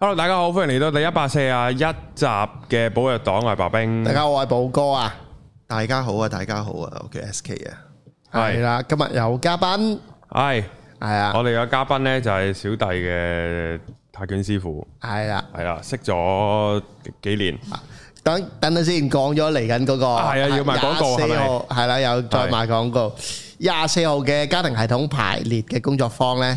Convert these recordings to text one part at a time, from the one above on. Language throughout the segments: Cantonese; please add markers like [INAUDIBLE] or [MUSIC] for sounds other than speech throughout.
hello，大家好，歡迎嚟到第一百四十一集嘅寶藥黨，我係白兵。大家好，我係寶哥啊，大家好啊，大家好啊，OK，SK 啊，係啦，今日有嘉賓，係係啊，我哋有嘉賓咧就係小弟嘅泰拳師傅，係啦係啦，識咗幾年，等等等先，講咗嚟緊嗰個係啊，要賣廣告係咪？係啦，又再賣廣告，廿四號嘅家庭系統排列嘅工作坊咧。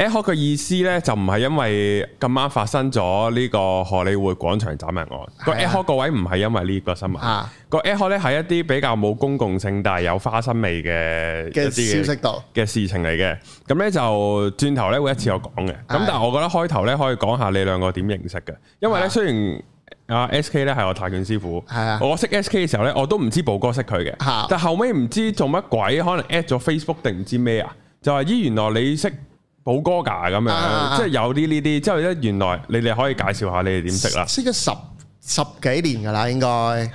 Echo 嘅意思呢，就唔係因為咁啱發生咗呢個荷里活廣場斬人案，個 Echo 個位唔係因為呢個新聞，個 Echo 咧係一啲比較冇公共性但係有花生味嘅消息度嘅事情嚟嘅。咁呢，就轉頭呢會一次我講嘅。咁、嗯啊、但係我覺得開頭呢可以講下你兩個點認識嘅，因為呢，雖然阿 SK 呢係我泰拳師傅，係啊，我識 SK 嘅時候呢我都唔知寶哥識佢嘅，啊、但後尾唔知做乜鬼，可能 at 咗 Facebook 定唔知咩啊，就話咦原來你識。寶哥㗎咁樣，啊、即係有啲呢啲，之後、啊、原來、原來你哋可以介紹一下、嗯、你哋點識啦，識咗十十幾年噶啦，應該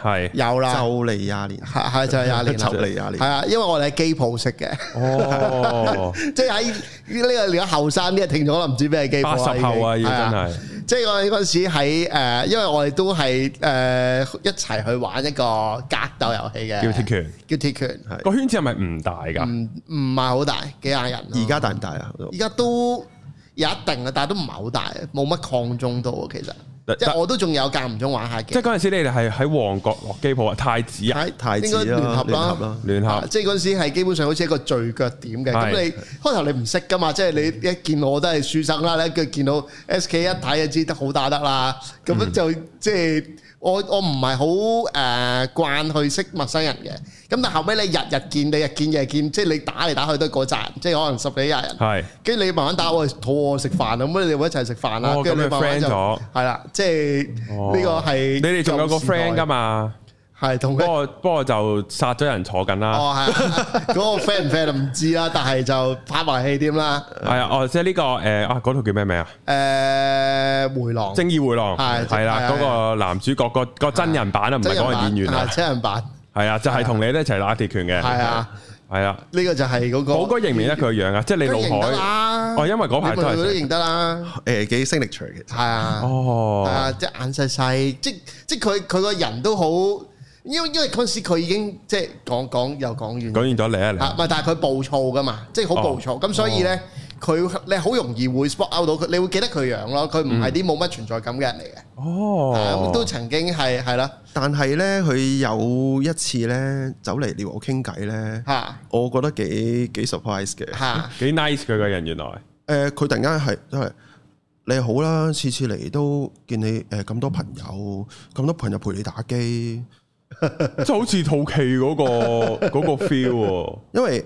係有啦了，就嚟廿年，係係就係廿年，就嚟廿年，係啊，因為我哋喺機鋪識嘅，哦， [LAUGHS] 即係喺呢個而家後生啲聽咗都唔知咩機鋪。八十後啊，要的真係，即係我嗰陣時喺誒，因為我哋都係誒一齊去玩一個格鬥遊戲嘅，叫鐵拳，un, 叫鐵拳，係個圈子係咪唔大噶？唔唔係好大，幾廿人。而家大唔大啊？而家都，都有一定啊，但係都唔係好大，冇乜抗中到啊，其實。即係我都仲有間唔中玩下嘅，即係嗰陣時你哋係喺旺角落機鋪啊，太子啊，應該聯合啦，聯合啦，聯合。即係嗰陣時係基本上好似一個聚腳點嘅，咁你開頭你唔識噶嘛，即係你一見我都係書生啦，你一見到 SK 一睇就知得好打得啦，咁就即係我我唔係好誒慣去識陌生人嘅，咁但係後尾你日日見，你日見夜見，即係你打嚟打去都係嗰扎，即係可能十幾廿人，係跟住你慢慢打我肚餓食飯啊，咁你哋會一齊食飯啊，跟住你慢慢就係啦。即係呢個係你哋仲有個 friend 噶嘛？係同佢。不過不過就殺咗人坐緊啦，啊。哦，嗰，啊那個 friend 唔 friend 就唔知啦，但係就拍埋戲添啦。係，嗯，啊，哦，即係呢，這個誒，呃那個，啊，嗰套叫咩名啊？誒，回廊，正義回廊係係啦，嗰，啊啊啊，個男主角個，那個真人版啊，唔係嗰個演員啊，啊，真人版係啊，就係同你一齊打鐵拳嘅係啊。係啊，呢個就係嗰個寶哥認唔認得佢個樣啊？即係你腦海哦，因為嗰排都係佢都認得啦，誒，幾 signature 嘅係啊，哦，啊，即係眼細細，即即係佢佢個人都好，因為因為嗰時佢已經即係講講又講完，講完咗嚟啊嚟啊，唔係，但係佢暴躁噶嘛，即係好暴躁，咁所以咧。佢你好容易會 spot out 到佢，你會記得佢樣咯。佢唔係啲冇乜存在感嘅人嚟嘅。哦、嗯，但都曾經係係啦。但係咧，佢有一次咧走嚟撩我傾偈咧，嚇哈，我覺得幾幾 surprise 嘅，嚇，幾 nice 佢個人原來。誒、呃，佢突然間係因為你好啦，次次嚟都見你誒咁多朋友，咁、嗯、多朋友陪你打機， [LAUGHS] 就好似套戲嗰個嗰、那個 feel， [LAUGHS] 因為。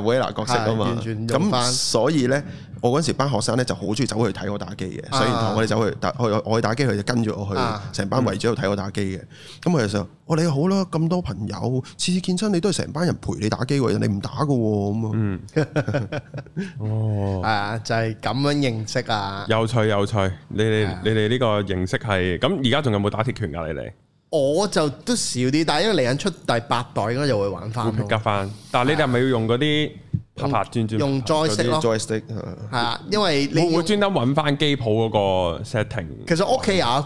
入維拉角色啊嘛，咁所以咧，嗯、我嗰時班學生咧就好中意走去睇我打機嘅，所以同我哋走去打去我去打機，佢就跟住我去，成、啊、班圍住度睇我打機嘅。咁佢、嗯、就話我、哦、你好啦，咁多朋友次次見親你都係成班人陪你打機嘅，你唔打嘅咁啊？哦，係 [LAUGHS] [LAUGHS] 啊，就係、是、咁樣認識啊。有趣有趣，你哋你哋呢的個認識係咁，而家仲有冇打鐵拳㗎？你哋？我就都少啲，但係因為嚟緊出第八代應該就會玩翻。骨翻，但係你哋係咪要用嗰啲拍拍轉轉？用再式咯，再式係啊，因為你會唔會專登揾翻機鋪嗰個 setting？其實屋企有一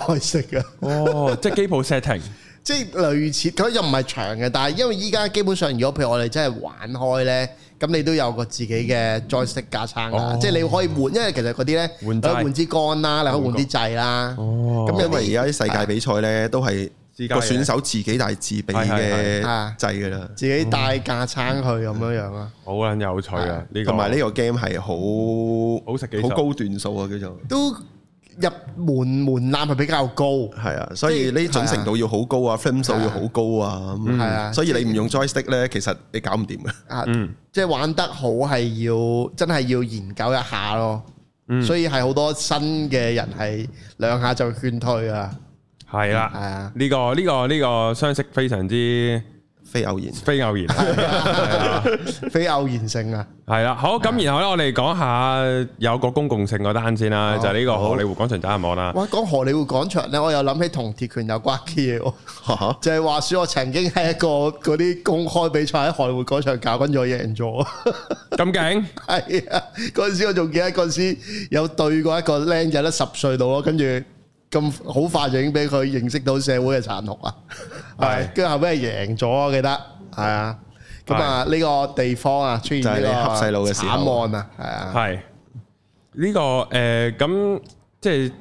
個再式啊。哦哇， [LAUGHS] 即係機鋪 setting， [LAUGHS] 即係類似，佢又唔係長嘅。但係因為依家基本上，如果譬如我哋真係玩開咧。咁你都有個自己嘅再式架撐㗎，即係你可以換，因為其實嗰啲咧，可以換支杆啦，你可以換啲掣啦。哦，咁因為而家啲世界比賽咧，都係個選手自己帶自備嘅掣㗎啦，自己帶架撐去咁樣樣啊，好撚有趣啊！同埋呢個 game 係好好食好高段數啊，叫做都。入門門檻係比較高，係啊，所以呢種程度要好高啊 frame 數要好高啊，係啊，所以你唔用 joystick 咧，其實你搞唔掂嘅，啊，嗯，即係玩得好係要真係要研究一下咯，所以係好多新嘅人係兩下就勸退啊。係啦，係啊，呢個呢個呢個相識非常之非偶然，非偶然，係啊， [LAUGHS] 啊非偶然性啊，係啦、啊，好，咁然後咧，啊、我哋講下有個公共性嗰單先啦，就係、是、呢個荷里活廣場斬人案啦。哇、哦，講荷里活廣場咧，我又諗起同鐵拳有關嘅嘢，啊、就係話說我曾經喺一個嗰啲公開比賽喺荷里活廣場搞緊，咗贏咗，咁勁。係啊，嗰陣時我仲記得嗰陣時有對過一個僆仔得十歲到啊，跟住。咁好快影已俾佢認識到社會嘅殘酷。是 [LAUGHS] 啊！係，跟住後尾係贏咗，記得係啊。咁啊，呢個地方啊出現呢個慘案啊，係啊，係呢、呢個誒咁、呃嗯、即係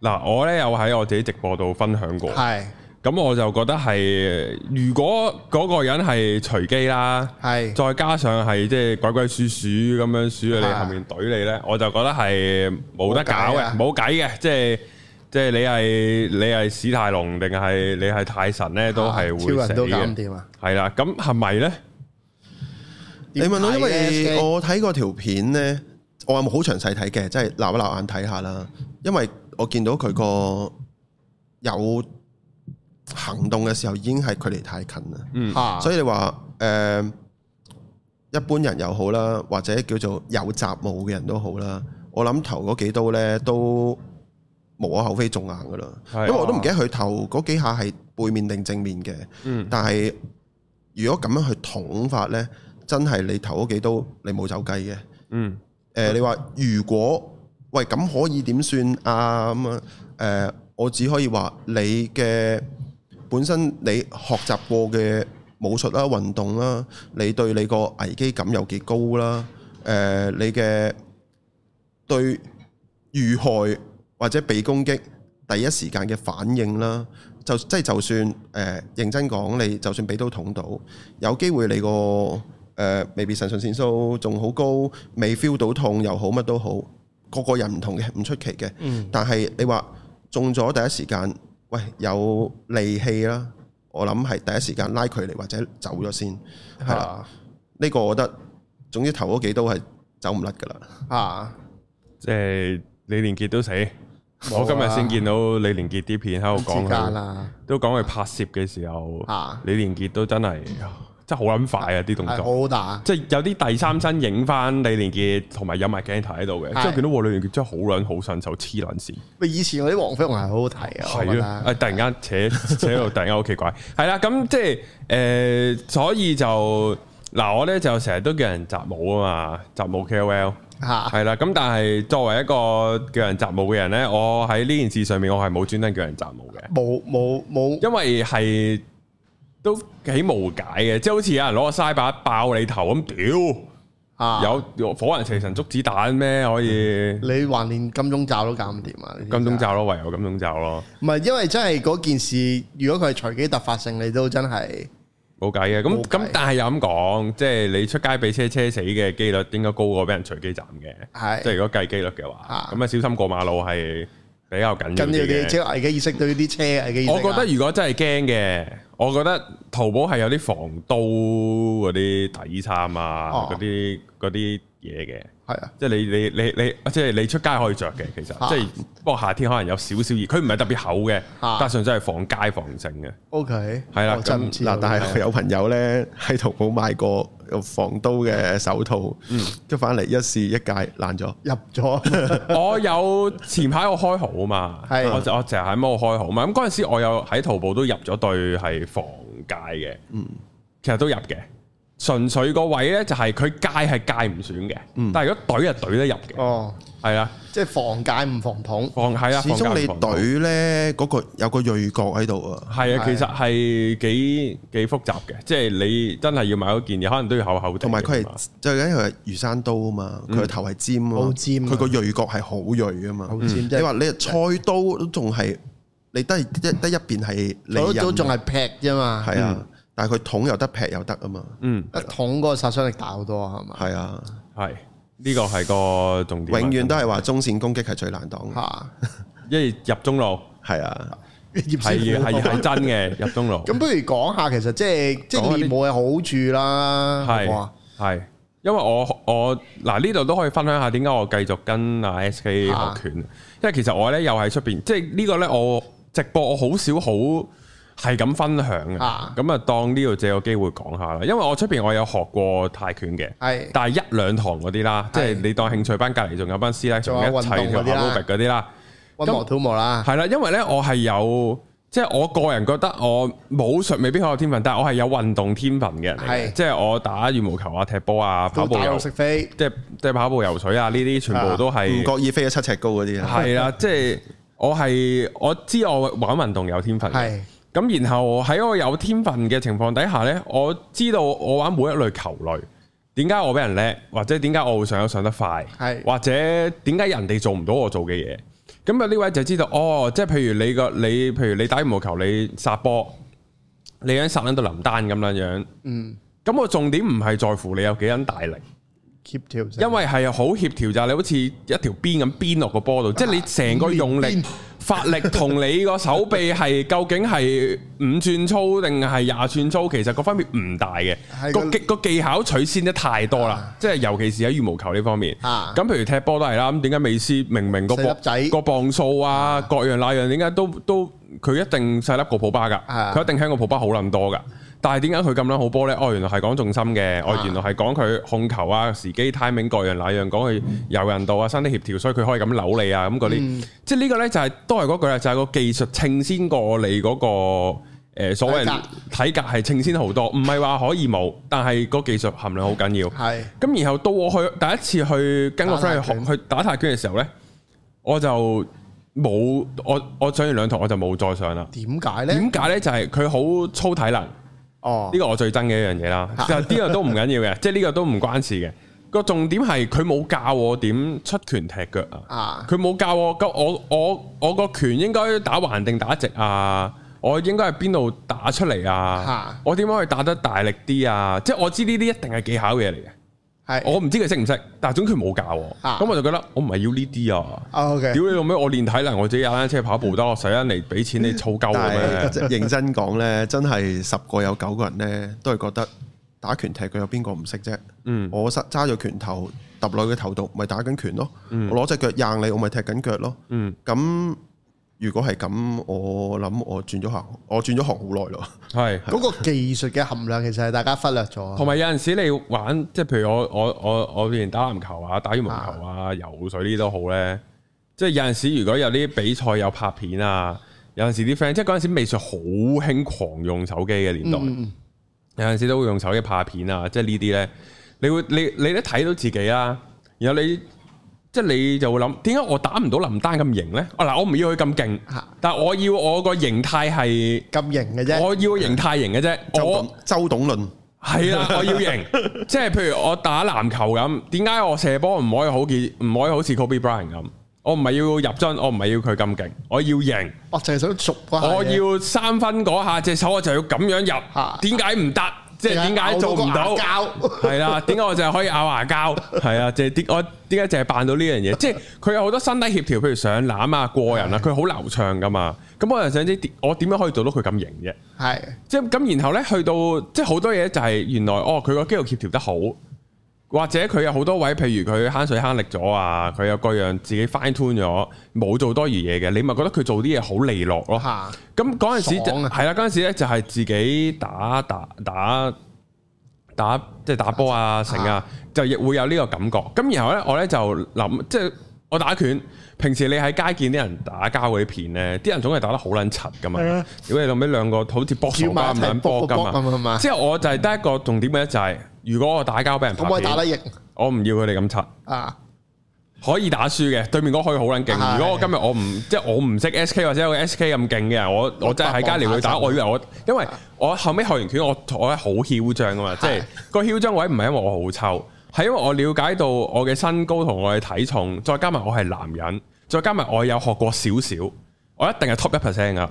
嗱，我咧有喺我自己直播度分享過，係、啊。咁我就覺得係，如果嗰個人係隨機啦，係、啊，再加上係即係鬼鬼祟祟咁樣鼠、啊、你後面懟你咧，我就覺得係冇得搞嘅，冇計嘅，即係。即係你係你係史太龍定係你係太神咧，都係會超人都搞唔掂啊！係啦，咁係咪咧？呢你問咯，因為我睇過條片咧，我有冇好詳細睇嘅，即係撈一撈眼睇下啦。因為我見到佢個有行動嘅時候，已經係距離太近啦。吓、嗯，所以你話誒、呃，一般人又好啦，或者叫做有雜務嘅人都好啦，我諗頭嗰幾刀咧都呢。都無可厚非，仲硬噶啦，因為我都唔記得佢頭嗰幾下係背面定正面嘅。嗯、但係如果咁樣去捅法呢，真係你頭嗰幾刀你冇走雞嘅。嗯、呃，誒你話如果喂咁可以點算啊咁啊？誒、呃、我只可以話你嘅本身你學習過嘅武術啦、運動啦，你對你個危機感有幾高啦？誒、呃、你嘅對遇害，或者被攻擊第一時間嘅反應啦，就即係就算誒、呃、認真講，你就算俾刀捅到，有機會你個誒未必腎上腺素仲好高，未 feel 到痛又好乜都好，個個人唔同嘅，唔出奇嘅。嗯、但係你話中咗第一時間，喂有利器啦，我諗係第一時間拉距離或者走咗先，係啦、啊。呢、呢個我覺得總之頭嗰幾刀係走唔甩㗎啦，啊。即係李連杰都死。我今日先見到李連杰啲片喺度講，都講佢拍攝嘅時候，李連杰都真係真係好撚快啊！啲動作好大，即係有啲第三身影翻李連杰同埋有埋鏡頭喺度嘅，即係見到李連杰真係好撚好順手，黐撚線。咪以前嗰啲黃飛鴻係好好睇啊！係的啊，突然間扯 [LAUGHS] 扯到突然間好奇怪，係啦，咁即係誒、呃，所以就嗱、呃、我咧就成日都叫人習武啊嘛，習武 K O L。嚇，係啦。咁但係作為一個叫人習武嘅人呢，我喺呢件事上面我係冇專登叫人習武嘅。冇冇冇，因為係都幾無解嘅，即係好似有人攞個沙把爆你頭咁屌啊！有火雲邪神捉子彈咩可以？嗯、你還連金鐘罩都搞唔掂啊！金鐘罩咯，唯有金鐘罩咯。唔係，因為真係嗰件事，如果佢係隨機突發性，你都真係。冇計嘅，咁咁解但係又咁講，即係你出街俾車車死嘅機率應該高過俾人隨機斬嘅，的即係如果計機率嘅話，咁啊的小心過馬路係比較緊要嘅。跟住啲車危機意識對啲車危機意識。我覺得如果真係驚嘅，我覺得淘寶係有啲防刀嗰啲底衫啊，嗰啲嗰啲。嘢嘅，係啊，即係你你你你，即係你出街可以着嘅，其實，即係不過夏天可能有少少熱，佢唔係特別厚嘅，加上真係防街防城嘅。OK，係啦，嗱，但係有朋友咧喺淘寶買過防刀嘅手套，嗯，跟翻嚟一試一戒，爛咗，入咗。我有前排我開好啊嘛，係，我我成日喺芒摩開好嘛，咁嗰陣時我有喺淘寶都入咗對係防街嘅，嗯，其實都入嘅。純粹個位咧就係佢戒係戒唔損嘅，但係如果懟係懟得入嘅。哦，係啦，即係防戒唔防捅。防係啊，始終你懟咧嗰個有個銳角喺度啊。係啊，其實係幾幾複雜嘅，即係你真係要買嗰件嘢，可能都要厚厚同埋佢係，就因為係魚生刀啊嘛，佢個頭係尖啊嘛，佢個銳角係好銳啊嘛。好尖！你話你菜刀都仲係，你得一得一邊係。菜刀仲係劈啫嘛。係啊。但係佢桶又得劈又得啊嘛，一、嗯、桶嗰個殺傷力大好多啊，係嘛？係啊，係呢個係個重點，永遠都係話中線攻擊係最難擋吓，啊、因為入中路係啊，係係係真嘅入中路。咁、啊啊、不如講下其實即係即係冇嘅好處啦，係，係，因為我我嗱呢度都可以分享下點解我繼續跟啊 SK 學拳，因為其實我咧又喺出邊，即係呢個咧我直播我好少好少好好少好。係咁分享嘅，咁啊當呢度借個機會講下啦。因為我出邊我有學過泰拳嘅，係，但係一兩堂嗰啲啦，即係你當興趣班，隔籬仲有班師奶，仲一齊學 aerobic 嗰啲啦，運動嗰啲啦，揮毛吐毛啦，係啦，因為咧我係有，即係我個人覺得我武術未必好有天分，但係我係有運動天分嘅人嚟，即係我打羽毛球啊、踢波啊、跑步游，即係即係跑步游水啊，呢啲全部都係唔覺意飛咗七尺高啲係啦，即係我係我知我玩運動有天分係。咁然後喺我有天分嘅情況底下呢，我知道我玩每一類球類，點解我俾人叻，或者點解我會上得上得快，是或者點解人哋做唔到我做嘅嘢，咁啊呢位就知道哦，即係譬如你個你，譬如你打羽毛球你殺波，你肯殺撚到林丹咁樣樣，嗯，咁我重點唔係在乎你有幾撚大力。協調，因為係好協調，就係你好似一條鞭咁鞭落個波度，即係你成個用力，發力同你個手臂係究竟係五寸粗定係廿寸粗，其實個分別唔大嘅。個技巧取先得太多啦，即係尤其是喺羽毛球呢方面。咁譬如踢波都係啦，咁點解美斯明明個個磅數啊，各樣那樣，點解都都佢一定細粒過普巴噶？佢一定輕過普巴好撚多噶？但係點解佢咁樣好波呢？哦，原來係講重心嘅，哦、啊，原來係講佢控球啊、時機 timing 各樣那樣，講佢柔韌度啊、身體協調，所以佢可以咁扭你啊咁嗰啲。嗯、即係呢個呢，就係、是、都係嗰句啦，就係、是、個技術稱先過你嗰、那個誒、呃、所謂體格係稱先好多，唔係話可以冇，但係個技術含量好緊要。咁是然後到我去第一次去跟個 friend 去去打泰拳嘅時候呢，我就冇我我上完兩堂我就冇再上啦。點解呢？點解呢？就係佢好粗體能。哦，呢個我最憎嘅一樣嘢啦，啊、其實呢個都唔緊要嘅，即係呢個都唔關事嘅。個重點係佢冇教我點出拳踢腳啊，佢冇教我咁我我我個拳應該打橫定打直啊，我應該喺邊度打出嚟啊，啊我點樣可以打得大力啲啊？即係我知呢啲一定係技巧嘢嚟嘅。是我唔知佢識唔識，但係總之冇教，咁、啊、我就覺得我唔係要呢啲啊！屌、okay、你做咩？我練體能，我自己有單車、跑步得，我使得嚟俾錢你湊鳩嘅咩？我認真講咧，真係十個有九個人咧，都係覺得打拳踢腳有邊個唔識啫？嗯，我揸咗拳頭揼落佢頭度，咪打緊拳咯。嗯、我攞隻腳掗你，我咪踢緊腳咯。嗯，咁。如果係咁，我諗我轉咗行，我轉咗行好耐咯。係嗰是 [LAUGHS] 個技術嘅含量其實係大家忽略咗。同埋有陣時你玩，即係譬如我我我我連打籃球啊、打羽毛球啊、游水呢啲都好咧。即係有陣時如果有啲比賽有拍片啊，有陣時啲 friend 即係嗰陣時未係好興狂用手機嘅年代，嗯、有陣時都會用手機拍片啊。即係呢啲咧，你會你你都睇到自己啊。然後你。即係你就會諗，點解我打唔到林丹咁型咧？啊嗱，我唔要佢咁勁，但係我要我個形態係咁型嘅啫。我要形態型嘅啫。周周董論係啦，我要型。即係譬如我打籃球咁，點解我射波唔可以好似，唔可以好似 Kobe Bryant 咁？我唔係要入樽，我唔係要佢咁勁，我要型。我淨係想熟。我要三分嗰下隻手，我就要咁樣入。點解唔得？即係點解做唔到？係啦，點解 [LAUGHS] 我淨係可以咬牙膠？係 [LAUGHS] 啊，即係啲我點解淨係扮到呢樣嘢？即係佢有好多身體協調，譬如上籃啊、過人啊，佢好 [LAUGHS] 流暢噶嘛。咁我就想知我點樣可以做到佢咁型啫？係、 [LAUGHS] 就是。即係咁，然後咧去到即係好多嘢就係原來哦，佢個肌肉協調得好。或者佢有好多位，譬如佢慳水慳力咗啊，佢有各樣自己翻 i 咗，冇做多餘嘢嘅，你咪覺得佢做啲嘢好利落咯。咁嗰陣時就係啦，嗰陣時咧就係自己打打打打即係、就是、打波啊成啊，啊成就亦會有呢個感覺。咁然後咧我咧就諗，即、就、係、是、我打拳，平時你喺街見啲人打交嗰啲片咧，啲人總係打得好卵柒噶嘛。如果你諗起兩個好似 box 咁，即係我就係得一個重點嘅就係。如果我打交俾人，可唔可以打得贏？我唔要佢哋咁差啊！可以打輸嘅，對面嗰個可以好撚勁。啊、如果我今日我唔即係我唔識 S K 或者有個 S K 咁勁嘅人，我我真係喺加連去打。我，打我以為我因為我後尾學完拳，我我好囂張啊嘛！即係、嗰個囂張位唔係因為我好臭，係、啊、因為我了解到我嘅身高同我嘅體重，再加埋我係男人，再加埋我有學過少少。我一定係 top 一 percent 噶，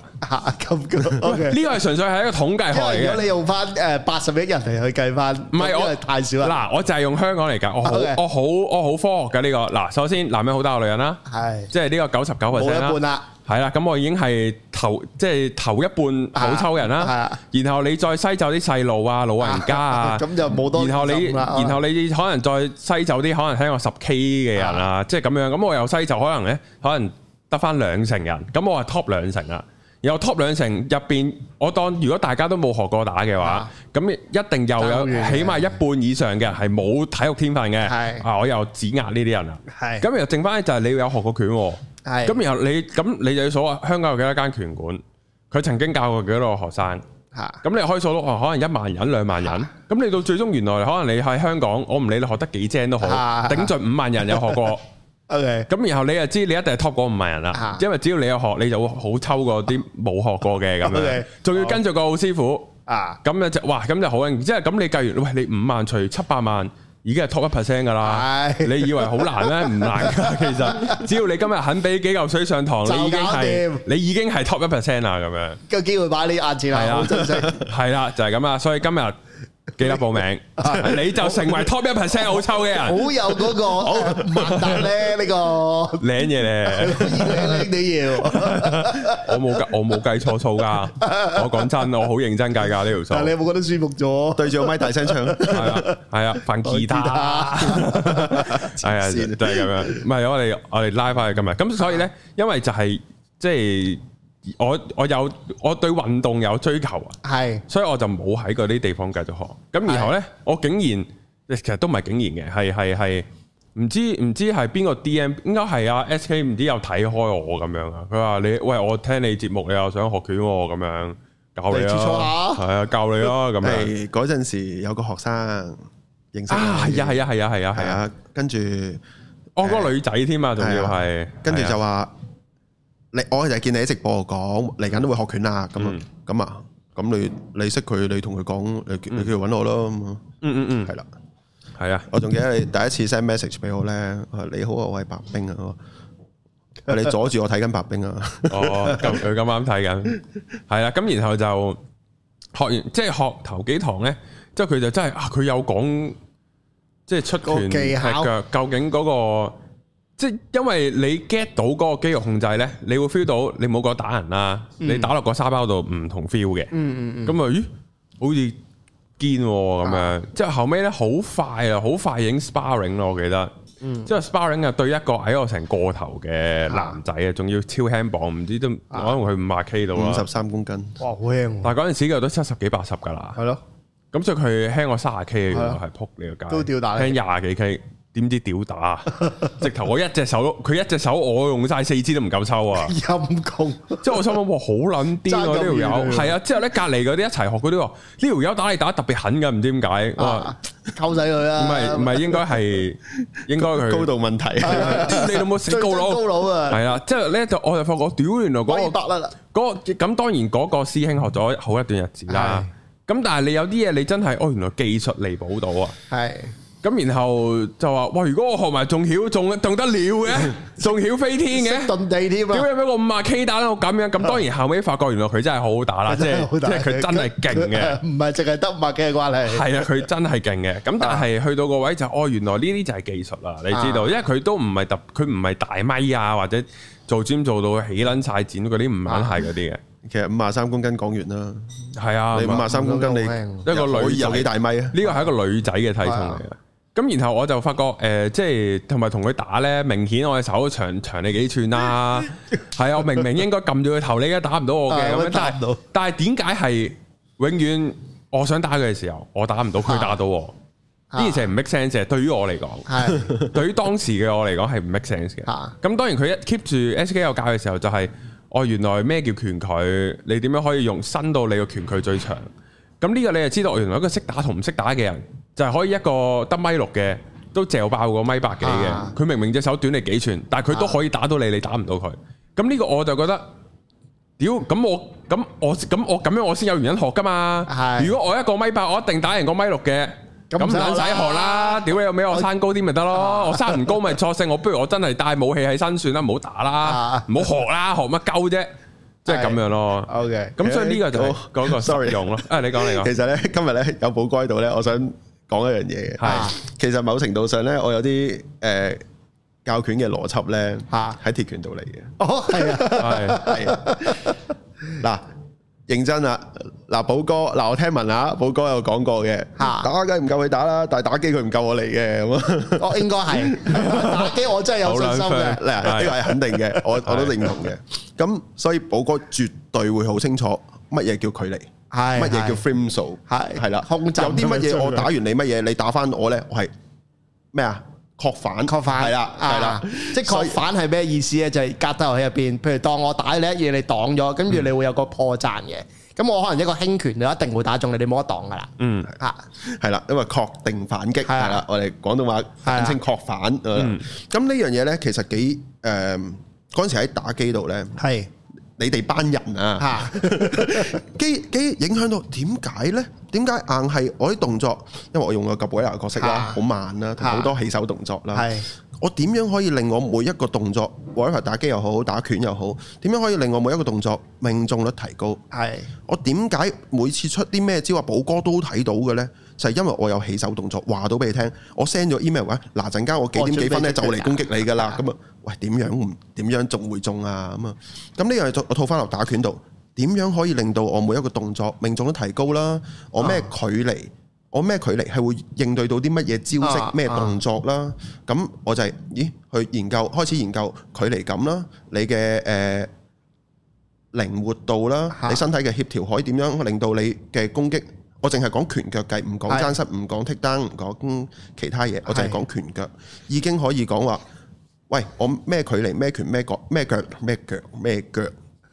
咁呢個係純粹係一個統計學嘅。如果你用翻誒八十億人嚟去計翻，唔係我太少啦。嗱，我就係用香港嚟噶，我我好我好科學嘅呢個。嗱，首先男人好多個女人啦，係，即係呢個九十九 percent 啦，係啦。咁我已經係頭即係頭一半好抽人啦。然後你再篩走啲細路啊、老人家啊，咁就冇多。然後你然後你可能再篩走啲可能一過十 K 嘅人啊，即係咁樣。咁我由篩走可能咧，可能。得翻兩成人，咁我係 top 兩成啊，然後 top 兩成入邊，我當如果大家都冇學過打嘅話，咁的一定又有起碼一半以上嘅人係冇體育天分嘅，的啊我又指壓呢啲人啊，咁的然後剩翻就係你要有學過拳，咁的然後你咁你又數下香港有幾多間拳館，佢曾經教過幾多個學生，咁的你開數碌可能一萬人兩萬人，咁的你到最終原來可能你喺香港，我唔理你學得幾精都好，頂盡五萬人有學過。 [LAUGHS] O.K. 咁然後你又知你一定係 top 嗰五萬人啦，因為只要你有學，你就好抽過啲冇學過嘅咁樣，仲要跟住個好師傅啊，咁樣就哇咁就好，即係咁你計完，喂你五萬除七百萬，已經係 top 一 percent 噶啦，你以為好難咧？唔難噶，其實只要你今日肯俾幾嚿水上堂，你已經係你已經係 top 一 percent 啦，咁樣個機會擺你眼前啦，好真實。係啦，就係咁啦，所以今日。記得報名，你就成為 Top one percent 好抽嘅人。好有嗰個好麻達咧，呢個靚嘢咧，可以靚靚地嘢。我冇我冇計錯數噶我講真，我好認真計噶呢條數。你有冇覺得舒服咗？對住我咪大聲唱，係啊，彈吉他，係啊，都係咁樣。唔係我哋我哋拉翻去今日。咁所以咧，因為就係即係。我我有我對運動有追求啊，係，所以我就冇喺嗰啲地方繼續學。咁然後呢，我竟然，其實都唔係竟然嘅，係係係，唔知唔知係邊個 DM，應該係啊 S.K. 唔知有睇開我咁樣啊？佢話你喂，我聽你節目，你又想學拳喎，咁樣教你啊，係啊，教你咯咁樣。係嗰陣時有個學生認識啊，啊係啊係啊係啊，係啊，跟住我個女仔添啊，仲要係，跟住就話。我就係見你喺直播講嚟緊都會學拳啊，咁啊，咁啊咁你你識佢，你同佢講，你你叫佢搵我咯。嗯嗯嗯，係啦係啊，我仲記得你第一次 send message 俾我咧，你好啊，我係白兵啊。你阻住我睇緊白兵啊，哦，咁佢咁啱睇緊，係啦，咁然後就學完即係、就是、學頭幾堂咧，即係佢就真係佢、啊、有講即係出拳技巧究竟嗰個。即係因為你 get 到嗰個肌肉控制咧，你會 feel 到你冇覺打人啦，嗯嗯你打落個沙包度唔同 feel 嘅。咁啊、嗯嗯嗯、咦，好似堅咁樣。即係、啊、後尾咧，好快啊，好快已經 sparring 咯，我記得。即係、嗯嗯、sparring 啊，對一個矮我成個頭嘅男仔啊，仲要超輕磅，唔知都可能佢五十 K 到五十三公斤，哇、啊，好輕的！但係嗰陣時都七十幾八十噶啦。係咯，咁即係佢輕我三十 K 嘅，原來係扑你個街，都吊打輕廿幾 K。點知屌打？直頭我一隻手，佢一隻手，我用晒四支都唔夠抽啊！陰功，即係我心諗，哇，好撚癲！呢條友係啊，之後咧隔籬嗰啲一齊學嗰啲話，呢條友打你打得特別狠噶，唔知點解啊？扣死佢啦！唔係唔係，應該係應該佢高度問題。你有冇死高佬啊？係啊，之後咧就我就發覺，屌，原來嗰個百粒啦，嗰咁當然嗰個師兄學咗好一段日子啦。咁但係你有啲嘢，你真係哦，原來技術彌補到啊，係。咁然後就話喂，如果我學埋仲曉仲仲得了嘅仲曉飛天嘅，遁地點入一個五十 K 打啦，我咁樣，咁當然後尾發覺原來佢真係好好打啦，即係佢真係勁嘅，唔係淨係得五十 K 嘅關係。係啊，佢真係勁嘅。咁但係去到個位就，哦，原來呢啲就係技術啦，你知道，因為佢都唔係特，佢唔係大咪啊，或者做尖做到起捻晒剪，嗰啲唔穩鞋嗰啲嘅。其實五十三公斤講完啦，係啊，五十三公斤，你一個女有幾大咪啊？呢個係一個女仔嘅體重嚟嘅。咁然後我就發覺，誒、呃，即係同埋同佢打咧，明顯我嘅手長長你幾寸啦、啊。係啊， [LAUGHS] 我明明應該撳住佢頭，你而家打唔到我嘅咁樣。但打唔但係點解係永遠我想打佢嘅時候，我打唔到佢，打到我？呢件事係唔 make sense 嘅。對於我嚟講，係、啊、對於當時嘅我嚟講係唔 make sense 嘅。咁、啊、當然佢一 keep 住 SK 有教嘅時候、就係，就係我原來咩叫拳距？你點樣可以用伸到你個拳距最長？咁呢個你就知道，原來一個識打同唔識打嘅人，就係可以一個得米六嘅都掟爆個米八幾嘅。佢明明隻手短你幾寸，但係佢都可以打到你，你打唔到佢。咁呢個我就覺得，屌咁我咁我咁我咁樣我先有原因學噶嘛。如果我一個米八，我一定打贏個米六嘅，咁唔使學啦。屌你有咩？我生高啲咪得咯，我生唔高咪錯性。我不如我真係帶武器喺身算啦，唔好打啦，唔好學啦，學乜鳩啫。即係咁樣咯，OK。咁所以呢個就講個用 sorry 用咯。啊，你講你講。其實咧，今日咧有寶乖度咧，我想講一樣嘢嘅。係是，其實某程度上咧，我有啲誒教拳嘅邏輯咧，喺鐵拳度嚟嘅。哦，係啊，係、 [LAUGHS] 啊，嗱、啊。 [LAUGHS] 認真啦，嗱，寶哥，嗱我聽聞下，寶哥有講過嘅，打機唔夠佢打啦，但係打機佢唔夠我嚟嘅，我應該係打機，我真係有信心嘅，呢個係肯定嘅，我我都認同嘅，咁所以寶哥絕對會好清楚乜嘢叫距離，乜嘢叫 frame 數，係啦，控制，有啲乜嘢我打完你乜嘢，你打翻我咧，我係咩啊？確反，確反，係啦，係啦，即係確反係咩意思咧？就係格鬥遊戲入邊，譬如當我打你一樣，你擋咗，跟住你會有個破綻嘅。咁我可能一個輕拳就一定會打中你，你冇得擋噶啦。嗯，啊，係啦，因為確定反擊係啦，我哋廣東話簡稱確反。咁呢樣嘢咧，其實幾誒嗰陣時喺打機度咧。係。你哋班人啊，基基影響到點解呢？點解硬係我啲動作？因為我用個吉偉亞角色啦，好慢啦，同好多起手動作啦。我點樣可以令我每一個動作，玩牌打機又好，打拳又好，點樣可以令我每一個動作命中率提高？我點解每次出啲咩招啊？寶哥都睇到嘅呢？就係因為我有起手動作，話到俾你聽，我 send 咗 email 啊！嗱陣間我幾點幾分咧就嚟攻擊你噶啦，咁啊，喂點樣唔點樣仲會中啊？咁啊，咁呢樣我套翻落打拳度，點樣可以令到我每一個動作命中都提高啦？我咩距離，我咩距離係會應對到啲乜嘢招式、咩動作啦？咁我就係咦去研究，開始研究距離感啦，你嘅誒靈活度啦，你身體嘅協調可以點樣令到你嘅攻擊？我淨係講拳腳計，唔講間失，唔講 take down，唔講其他嘢，我淨係講拳腳，已經可以講話。喂，我咩距離，咩拳，咩角，咩腳，咩腳，咩腳，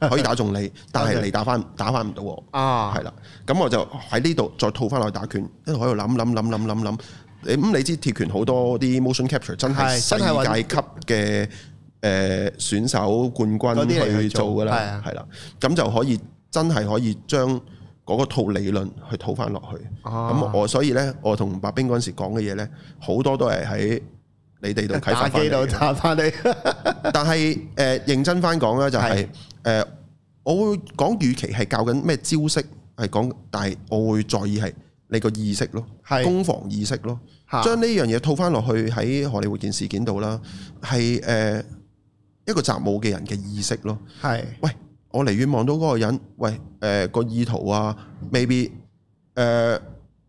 可以打中你，但係你打翻，打翻唔到我。啊，係啦，咁我就喺呢度再套翻落去打拳，一路喺度諗諗諗諗諗諗。你你知鐵拳好多啲 motion capture 真係世界級嘅誒選手冠軍去做噶啦，係啦、啊，咁就可以真係可以將。嗰個套理論去套翻落去，咁、啊、我所以呢，我同白兵嗰陣時講嘅嘢呢，好多都係喺你哋度啟發翻度打翻你是。但係誒，認真翻講咧，就係誒，我會講預期係教緊咩招式，係講，但係我會在意係你個意識咯，是攻防意識咯，是將呢樣嘢套翻落去喺荷里活件事件度啦，係誒、呃、一個習武嘅人嘅意識咯，係是。是喂。我離遠望到嗰個人，喂，誒、呃那個意圖啊未必。maybe 誒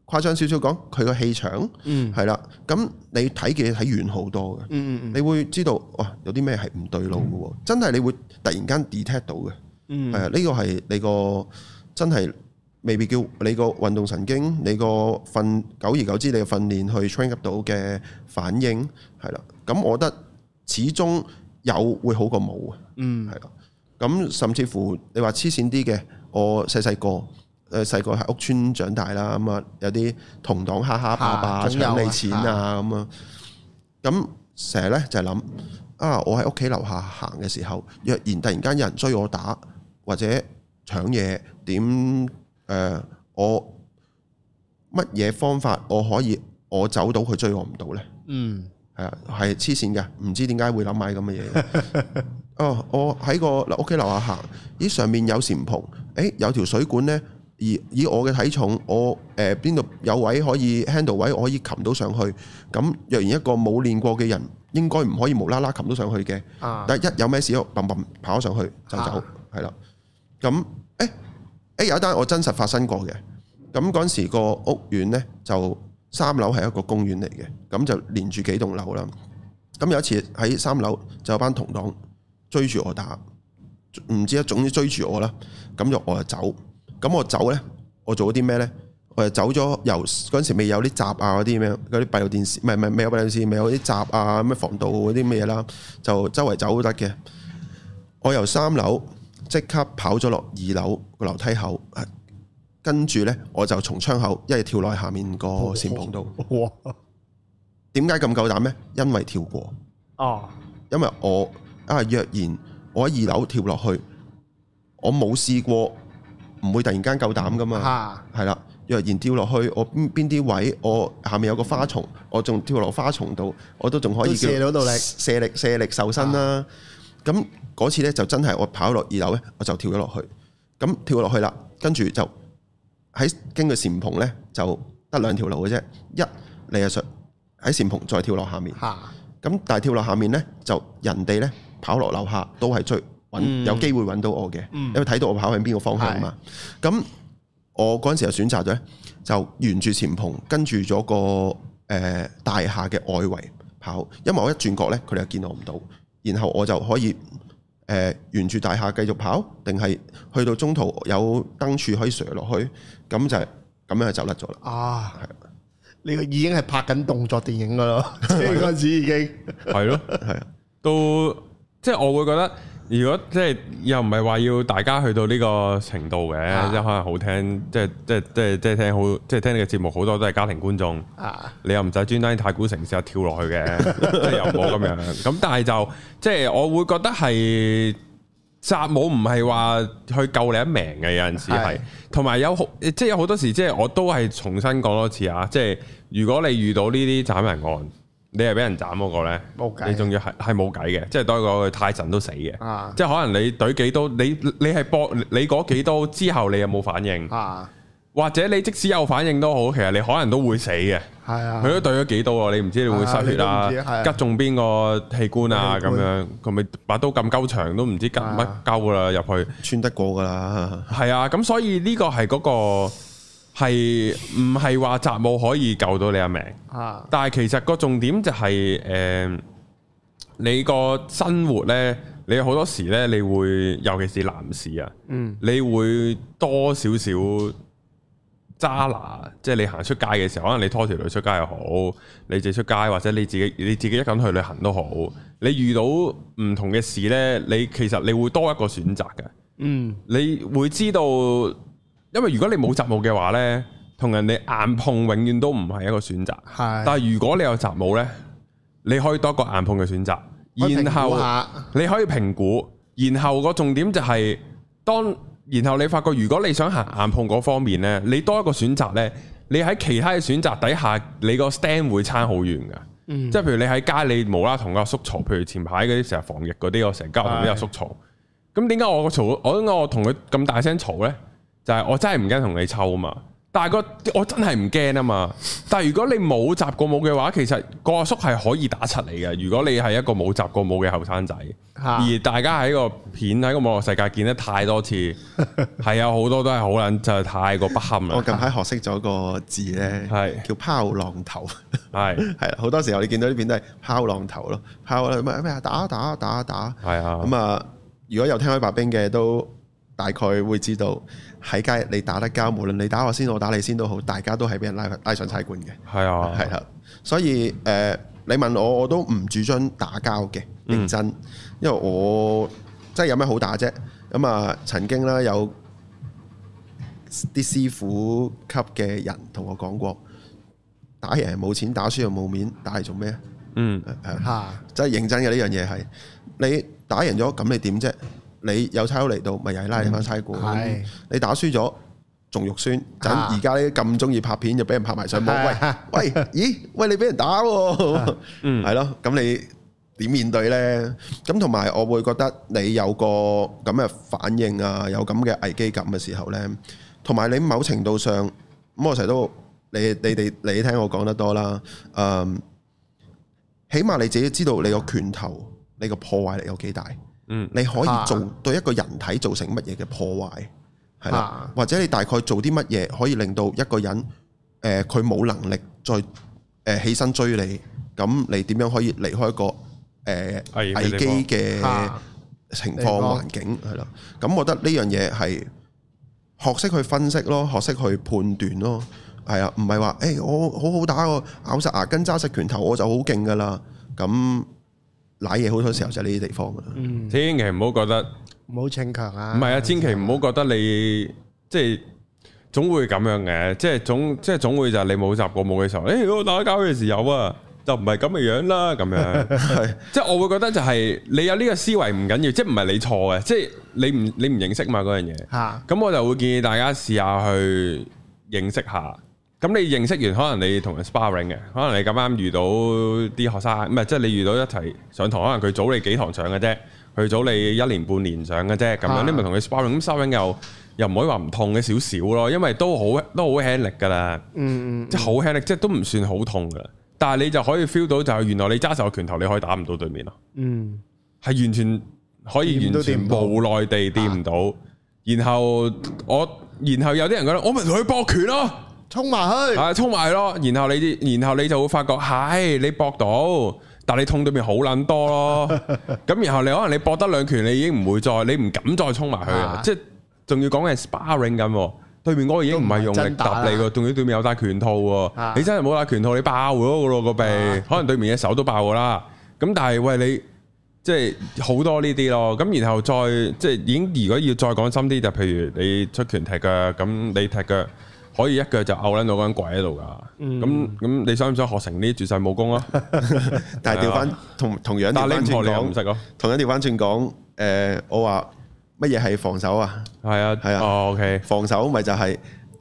誇張少少講佢個氣場，嗯，係啦，咁你睇嘅睇遠好多嘅，嗯嗯，嗯你會知道哇有啲咩係唔對路嘅喎，嗯、真係你會突然間 detect 到嘅，嗯，嗯、啊，誒、這、呢個係你個真係未必叫你個運動神經，你個訓久而久之你嘅訓練去 train 到嘅反應係啦，咁我覺得始終有會好過冇啊，嗯，係啦。咁甚至乎你話黐線啲嘅，我細細個誒細個喺屋邨長大啦，咁啊有啲同黨哈哈，霸霸搶你錢啊咁啊，咁成日咧就係諗啊，我喺屋企樓下行嘅時候，若然突然間有人追我打或者搶嘢，點誒、呃、我乜嘢方法我可以我走到佢追我唔到咧？嗯，係啊，係黐線嘅，唔知點解會諗埋咁嘅嘢。哦，我喺個嗱屋企樓下行，咦上面有簷篷，誒有條水管咧。而以我嘅體重，我誒邊度有位可以 handle 位，我可以擒到上去。咁若然一個冇練過嘅人，應該唔可以無啦啦擒到上去嘅。啊！但一有咩事，一砰砰跑上去就走，係啦。咁誒誒有一單我真實發生過嘅。咁嗰陣時個屋苑咧就三樓係一個公園嚟嘅，咁就連住幾棟樓啦。咁有一次喺三樓就有班同黨。追住我打，唔知啊，總之追住我啦。咁就我就走，咁我走呢，我做咗啲咩呢？我就走咗，由嗰陣時未有啲閘啊，嗰啲咩，嗰啲閉路電視，唔係唔係，未有閉路電視，未有啲閘啊，咩防盜嗰啲咩嘢啦，就周圍走都得嘅。我由三樓即刻跑咗落二樓個樓梯口，跟住呢，我就從窗口一係跳落去下面個檐篷度。點解咁夠膽呢？因為跳過啊，因為我。啊！若然我喺二樓跳落去，我冇試過，唔會突然間夠膽㗎嘛？嚇、啊，係啦。若然跳落去，我邊邊啲位，我下面有個花叢，我仲跳落花叢度，我都仲可以叫到卸力卸力卸力瘦身啦、啊。咁嗰、啊、次呢就真係我跑落二樓呢，我就跳咗落去。咁、嗯、跳落去啦，跟住就喺經過禪蓬呢，就得兩條路嘅啫。一你阿叔喺禪蓬再跳落下面，嚇、啊。咁但係跳落下面呢，就人哋呢。跑落樓下都係追，揾有機會揾到我嘅，因為睇到我跑喺邊個方向嘛。咁、嗯、我嗰陣時就選擇咗，就沿住前棚跟住咗個誒大廈嘅外圍跑，因為我一轉角呢，佢哋又見我唔到。然後我就可以誒沿住大廈繼續跑，定係去到中途有燈柱可以垂落去，咁就係咁樣就甩咗啦。啊，係，呢個已經係拍緊動作電影噶啦，即係嗰陣時已經係咯，係啊，都。即係我會覺得，如果即係又唔係話要大家去到呢個程度嘅，啊、即係可能好聽，即係即係即係即係聽好，即係聽你嘅節目好多都係家庭觀眾，啊、你又唔使專登太古城先得跳落去嘅， [LAUGHS] 即有冇咁樣。咁但係就即係我會覺得係，習武唔係話去救你一命嘅有陣時係，同埋是的 有好，即係有好多時，即係我都係重新講多次啊！即係如果你遇到呢啲斬人案。你係俾人斬嗰個咧，你仲要係係冇計嘅，即係多過太神都死嘅，即係可能你對幾刀，你你係博你嗰幾刀之後，你有冇反應？或者你即使有反應都好，其實你可能都會死嘅。係啊，佢都對咗幾刀，你唔知你會失血啦，吉中邊個器官啊？咁樣佢咪把刀咁鳩長都唔知吉乜鳩啦，入去穿得過㗎啦。係啊，咁所以呢個係嗰個。係唔係話雜務可以救到你一命？啊、但係其實個重點就係、是，誒、呃，你個生活呢，你好多時呢，你會尤其是男士啊，嗯，你會多少少揸拿，即係你行出街嘅時候，可能你拖條女出街又好，你自己出街或者你自己你自己一咁去旅行都好，你遇到唔同嘅事呢，你其實你會多一個選擇嘅，嗯，你會知道。因為如果你冇雜務嘅話呢，同人哋硬碰永遠都唔係一個選擇。係。但係如果你有雜務呢，你可以多一個硬碰嘅選擇。然後你可以評估，然後個重點就係、是、當然後你發覺如果你想行硬碰嗰方面呢，你多一個選擇呢，你喺其他嘅選擇底下，你個 stand 會差好遠㗎。即係、嗯、譬如你喺街，你無啦同個阿叔嘈，譬如前排嗰啲成日防疫嗰啲我成街度都有叔嘈。咁點解我嘈？我我同佢咁大聲嘈呢？就係我真係唔驚同你抽啊嘛，但係個我真係唔驚啊嘛。但係如果你冇習過武嘅話，其實個阿叔係可以打出嚟嘅。如果你係一個冇習過武嘅後生仔，啊、而大家喺個片喺個網絡世界見得太多次，係啊，好多都係好撚就係、是、太過不堪啦。 [LAUGHS] 我近排學識咗個字咧，係的叫拋浪頭，係係好多時候你見到啲片都係拋浪頭咯，拋咩咩打打打打，係啊。咁啊是的，如果有聽開白兵嘅都大概會知道。喺街你打得交，無論你打我先，我打你先都好，大家都係俾人拉拉上差館嘅。係啊、嗯，係啦，所以誒、呃，你問我我都唔主張打交嘅認真，因為我即係有咩好打啫。咁、嗯、啊，嗯、曾經啦，有啲師傅級嘅人同我講過，打贏冇錢打，打輸又冇面，打嚟做咩？嗯，嚇，即係認真嘅呢樣嘢係。你打贏咗，咁你點啫？你有差佬嚟到咪又係拉你翻差館？係、嗯、你打輸咗，仲肉酸。而家啲咁中意拍片，就俾人拍埋上網。喂喂，咦？喂，你俾人打，啊？嗯，係咯。咁你點面對呢？咁同埋我會覺得你有個咁嘅反應啊，有咁嘅危機感嘅時候呢。同埋你某程度上，我成日都你你哋你，你聽我講得多啦。嗯，起碼你自己知道你個拳頭，你個破壞力有幾大。嗯，你可以做對一個人體造成乜嘢嘅破壞，係啦、啊，或者你大概做啲乜嘢可以令到一個人，誒佢冇能力再誒起身追你，咁你點樣可以離開一個誒、呃哎、呦危機嘅情況環、啊、境係啦，咁說我覺得呢樣嘢係學識去分析咯，學識去判斷咯，係、欸、啊，唔係話誒我好好打，咬實牙根揸實拳頭我就好勁㗎喇，咁。瀨嘢好多時候就喺呢啲地方噶啦，嗯、千祈唔好覺得，唔好逞強啊。唔係啊，啊千祈唔好覺得你即係、就是、總會咁樣嘅，即、就、係、是、總即係、就是、總會就係你冇習過武嘅時候，誒、欸，我打交杯嘅時候啊，就唔係咁嘅樣啦，咁樣。 [LAUGHS] 是即係我會覺得就係、是、你有呢個思維唔緊要，即係唔係你錯嘅，即、就、係、是、你唔你唔認識嘛嗰樣嘢。吓，咁 [LAUGHS] 我就會建議大家試下去認識下。咁你認識完，可能你同佢 sparring 嘅，可能你咁啱遇到啲學生，唔係即係你遇到一齊上堂，可能佢早你幾堂上嘅啫，佢早你一年半年上嘅啫，咁樣、啊、你咪同佢 sparring。咁 sparring 又又唔可以話唔痛嘅少少咯，因為都好都好輕力噶啦，嗯、即係好輕力，即係都唔算好痛嘅。但係你就可以 feel 到就係原來你揸手個拳頭你可以打唔到對面咯，嗯，係完全可以完全無奈地掂唔到、啊然。然後我然後有啲人覺得我咪同佢搏拳咯、啊。衝埋去、嗯，啊，衝埋咯，然後你，然後你就會發覺係、哎、你搏到，但你痛對面好捻多咯，咁 [LAUGHS] 然後你可能你搏得兩拳，你已經唔會再，你唔敢再衝埋去啊，即係仲要講係 sparring 咁、啊，對面嗰個已經唔係用力揼你噶，仲要對面有戴拳套，啊、你真係冇戴拳套，你爆咗個咯個鼻，啊、可能對面嘅手都爆噶啦，咁但係喂你，即係好多呢啲咯，咁然後再即係已經如果要再講深啲，就譬如你出拳踢腳，咁你踢腳。可以一腳就拗撚到嗰個跪喺度噶，咁咁你想唔想學成呢啲絕世武功啊？但係調翻同同樣調翻轉講，同樣調翻轉講，誒，我話乜嘢係防守啊？係啊，係啊，哦，OK 防守咪就係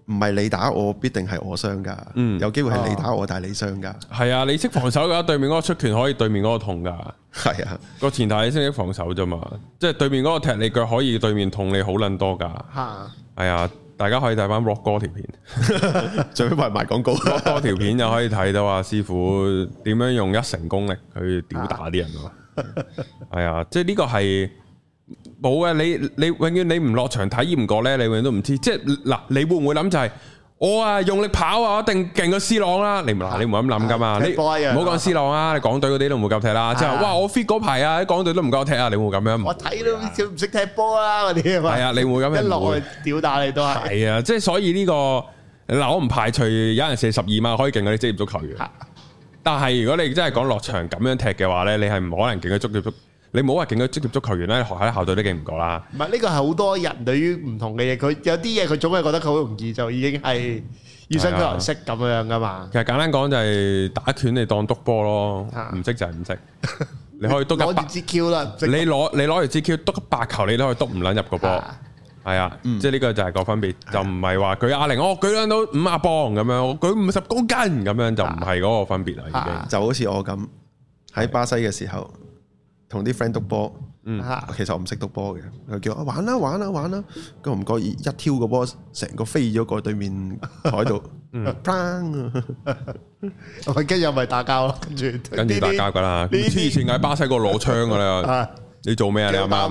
唔係你打我必定係我傷噶，嗯，有機會係你打我但係你傷噶，係啊，你識防守噶，對面嗰個出拳可以對面嗰個痛噶，係啊，個前提你識防守啫嘛，即係對面嗰個踢你腳可以對面痛你好撚多噶，係啊。大家可以睇翻 rock 哥條片， [LAUGHS] 最屘咪賣廣告。rock 哥條片就可以睇到啊，師傅點樣用一成功力去屌打啲人咯。係、 [LAUGHS] 哎呀、啊，即係呢個係冇嘅。你你永遠你唔落場體驗過咧，你永遠都唔知。即係嗱，你會唔會諗就係、是？我啊，用力跑啊，我一定勁過 C 朗啦！你唔嗱，你唔會咁諗㗎嘛？你唔好講 C 朗啊，你港隊嗰啲都唔會夠踢啦。即係哇，我 fit 嗰排啊，啲港隊都唔夠踢啊！你會咁樣，我睇都唔識踢波啊，嗰啲啊嘛。係啊，你會咁樣，一落去吊打你都係。係啊，即係所以呢個嗱，我唔排除有人射十二碼可以勁過啲職業足球員，但係如果你真係講落場咁樣踢嘅話咧，你係唔可能勁過足球足。你冇好話勁啲職業足球員咧，學喺校隊都勁唔過啦。唔係，呢個係好多人對於唔同嘅嘢，佢有啲嘢佢總係覺得佢好容易，就已經係要想佢個人識咁樣噶嘛、嗯。其實簡單講就係打拳你當督波咯，唔識、啊、就係唔識。啊、你可以督一支 Q 啦。你攞你攞一支 Q 督個白球，你都可以督唔撚入個波。係啊，啊嗯、即係呢個就係個分別，就唔係話舉啞鈴，我舉到五啊磅咁樣，我舉五十公斤咁樣就唔係嗰個分別啦、啊啊。就好似我咁喺巴西嘅時候。的同啲 friend 督波，其實我唔識督波嘅，佢叫我、啊、玩啦、啊、玩啦、啊、玩啦、啊，咁唔覺意，一挑個波，成個飛咗過對面台度，嗯、 [LAUGHS] 我跟住又咪打交咯，跟住跟住打交噶啦，唔黐線，喺這巴西嗰度攞槍噶啦，你、啊、你做咩啊阿媽？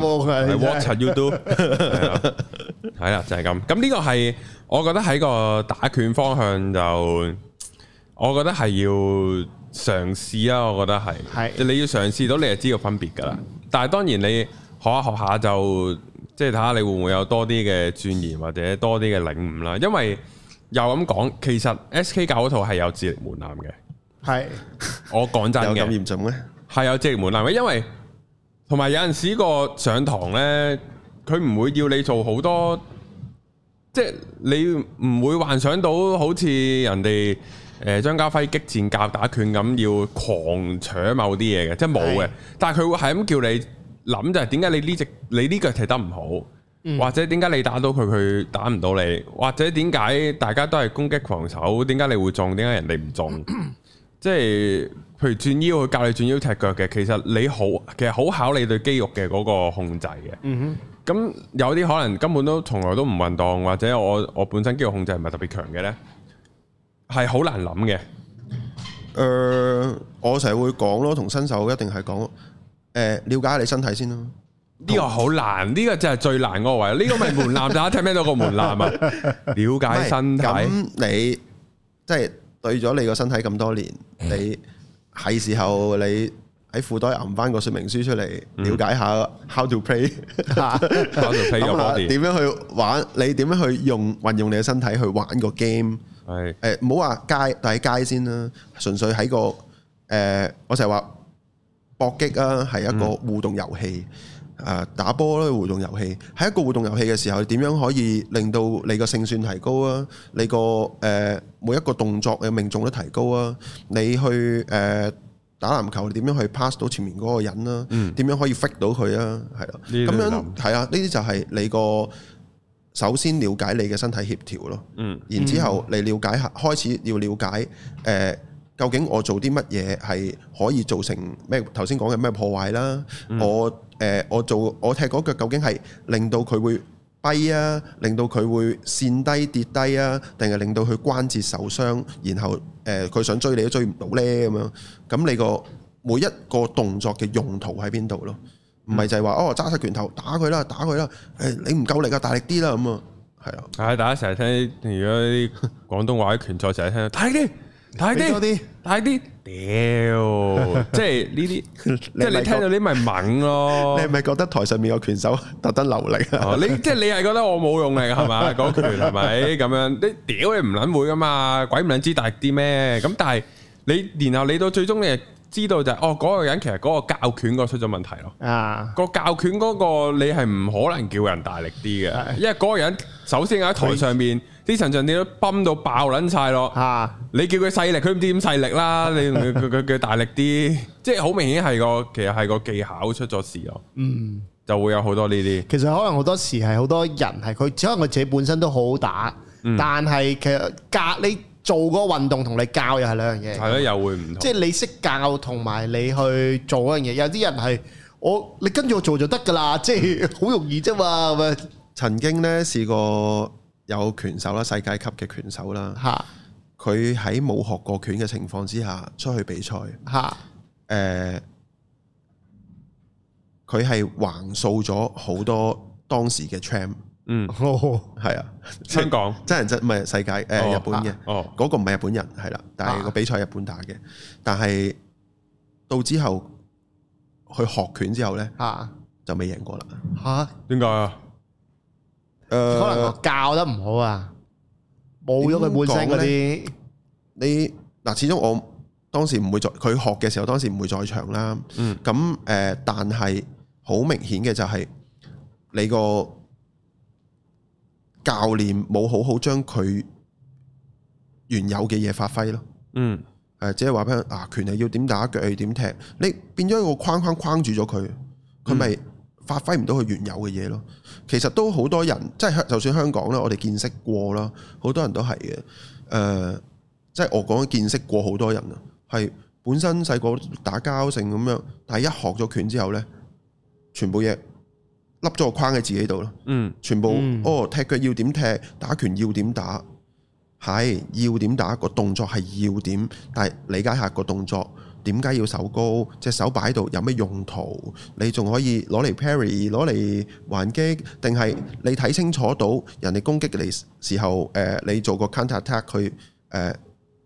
係 what you do，係啦，就係、是、咁。咁呢個係我覺得喺個打拳方向就，我覺得係要。嘗試啊，我覺得係，的你要嘗試到你就知道分別噶啦。嗯、但係當然你學下學下就，即係睇下你會唔會有多啲嘅鑽研或者多啲嘅領悟啦。因為又咁講，其實 SK 教嗰套係有智力門檻嘅。係的，我講真嘅， [LAUGHS] 有咁嚴重咩？係有智力門檻嘅，因為同埋有陣時個上堂咧，佢唔會要你做好多，即係你唔會幻想到好似人哋。誒，張家輝激戰教打拳，咁要狂搶某啲嘢嘅，即係冇嘅。的但係佢會係咁叫你諗，就係點解你呢隻你呢腳踢得唔好，嗯、或者點解你打到佢佢打唔到你，或者點解大家都係攻擊防守，點解你會中，點解人哋唔中？嗯、即係譬如轉腰，去教你轉腰踢腳嘅，其實你好其實好考你對肌肉嘅嗰個控制嘅。嗯咁哼有啲可能根本都從來都唔運動，或者我我本身肌肉控制唔係特別強嘅呢？係好難諗嘅，誒、呃，我成日會講咯，同新手一定係講，誒、呃，了解下你身體先咯、啊。呢個好難，呢、這個就係最難位 [LAUGHS] 個位，呢個咪門檻，大家聽咩到？個門檻啊？了解身體，咁你即係、就是、對咗你個身體咁多年，你係時候你喺褲袋揞翻個說明書出嚟，了解下 how to play，how [LAUGHS] [LAUGHS] to play your body 點樣去玩，你點樣去用運用你嘅身體去玩個 game。係誒，唔好話街，但係街先啦。純粹喺個誒，我成日話搏擊啊，係一個互動遊戲啊，打波咧互動遊戲。係一個互動遊戲嘅時候，點樣可以令到你個勝算提高啊？你個誒每一個動作嘅命中率提高啊？你去誒打籃球，你點樣去 pass 到前面嗰個人啦？點樣可以 fake 到佢啊？係啦，咁樣係啊，呢啲就係你個。首先了解你嘅身體協調咯，嗯，然之後你了解下，嗯、開始要了解，誒、呃，究竟我做啲乜嘢係可以造成咩，頭先講嘅咩破壞啦、嗯呃，我誒我做我踢嗰腳究竟係令到佢會跛啊，令到佢會跣低跌低啊，定係令到佢關節受傷，然後誒佢、呃、想追你都追唔到咧咁樣，咁你個每一個動作嘅用途喺邊度咯？唔係就係話哦，揸晒拳頭打佢啦，打佢啦！誒、哎，你唔夠力啊，大力啲啦咁啊，係啊！唉，大家成日聽如果啲廣東話啲拳賽就係聽，大力啲，大力啲，大力啲，大力啲，屌！ [LAUGHS] 即係呢啲，即係你聽到啲咪猛咯！ [LAUGHS] 你咪覺得台上面有拳手特登流力啊？哦、你即係你係覺得我冇用嚟噶係嘛？嗰、嗰個、拳係咪咁樣？你屌你唔撚會噶嘛？鬼唔撚知大力啲咩？咁但係你然後你到最終你。知道就係、是、哦，嗰、那個人其實嗰個教拳嗰出咗問題咯。啊，個教拳嗰個你係唔可能叫人大力啲嘅，的因為嗰個人首先喺台上他面，啲神像你都崩到爆撚晒咯。啊，你叫佢細力，佢唔知點細力啦。 [LAUGHS] 你，佢佢佢大力啲，即係好明顯係個其實係個技巧出咗事咯。嗯，就會有好多呢啲。其實可能好多時係好多人係佢，只可能我自己本身都好好打，嗯、但係其實隔呢。做個運動同你教又係兩樣嘢，係咯，又會唔同。即係你識教同埋你去做一樣嘢，有啲人係我你跟住我做就得噶啦，即係好容易啫嘛。咁啊，曾經咧試過有拳手啦，世界級嘅拳手啦，嚇佢喺冇學過拳嘅情況之下出去比賽，嚇誒，佢係橫掃咗好多當時嘅 champ。嗯，係啊對，香港真人真唔係世界誒，日本嘅，嗰、哦、個唔係日本人係啦，但係個比賽日本打嘅，啊、但係到之後去學拳之後咧吓就未贏過啦吓？點解啊？誒，可能教得唔好啊？冇咗佢本性嗰啲，你嗱，始終我當時唔會再佢學嘅時候，當時唔會在場啦。嗯，咁誒，但係好明顯嘅就係你個。教練冇好好將佢原有嘅嘢發揮咯，嗯，誒，即係話譬如啊，拳係要點打，腳要點踢，你變咗一個框框框住咗佢，佢咪發揮唔到佢原有嘅嘢咯？其實都好多人，即係香，就算香港啦，我哋見識過啦，好多人都係嘅，誒，即係我講見識過好多人啊，係本身細個打交性咁樣，但係一學咗拳之後咧，全部嘢，笠咗個框喺自己度咯，嗯，全部、嗯、哦，踢腳要點踢，打拳要點打，係要點打個動作係要點，但係理解下個動作點解要手高，隻手擺喺度有咩用途？你仲可以攞嚟 parry，攞嚟還擊，定係你睇清楚到人哋攻擊你時候，誒、呃、你做個 counter attack 去誒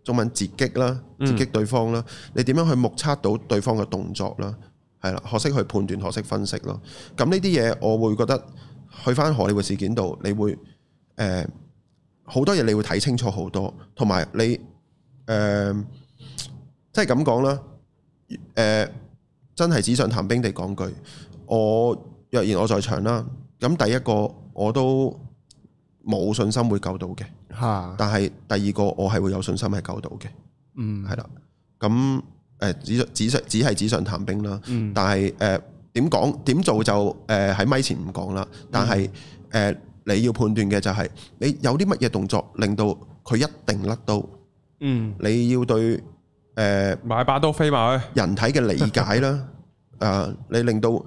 中文截擊啦，截擊對方啦，嗯、你點樣去目測到對方嘅動作啦？係啦，學識去判斷，學識分析咯。咁呢啲嘢，我會覺得去翻荷里活事件度，你會誒好、呃、多嘢，你會睇清楚好多。同埋你誒、呃，即係咁講啦。誒、呃，真係紙上談兵地講句，我若然我在場啦，咁第一個我都冇信心會救到嘅。嚇！但係第二個我係會有信心係救到嘅。嗯。係啦。咁。誒，紙只係紙上談兵啦、嗯呃呃。但係誒點講點做就誒喺咪前唔講啦。但係誒你要判斷嘅就係、是、你有啲乜嘢動作令到佢一定甩刀。嗯，你要對誒、呃、買把刀飛埋去人體嘅理解啦。啊、 [LAUGHS] 呃，你令到誒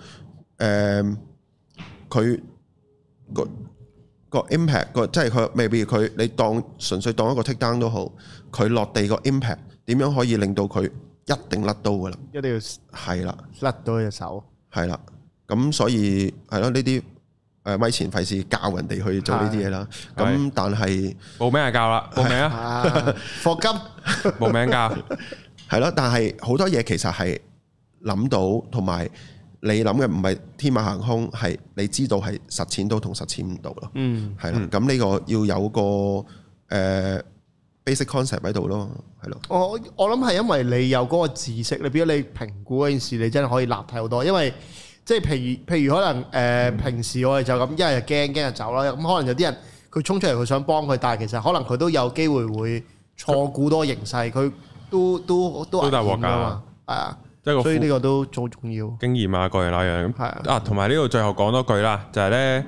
佢、呃、個個 impact 個即係佢未必 y 佢你當純粹當一個 take down 都好，佢落地個 impact 點樣可以令到佢？一定甩到噶啦，一定要係啦，甩到隻手係啦，咁所以係咯，呢啲誒咪錢費事教人哋去做呢啲嘢啦，咁但係冇名教啦，冇名啊，霍金冇名教，係咯，但係好多嘢其實係諗到同埋你諗嘅唔係天馬行空，係你知道係實踐到同實踐唔到咯，嗯，係啦，咁呢個要有個誒。Basic concept 喺度咯，係咯。我我諗係因為你有嗰個知識，比你比如你評估嗰件事，你真係可以立體好多。因為即係譬如譬如可能誒、呃，平時我哋就咁一係就驚驚就走啦。咁可能有啲人佢衝出嚟，佢想幫佢，但係其實可能佢都有機會會錯估他多形勢，佢都都都都大鑊噶嘛，係啊。即係所以呢個都好重要。經驗啊，各樣那樣係的啊。啊，同埋呢度最後講多句啦，就係咧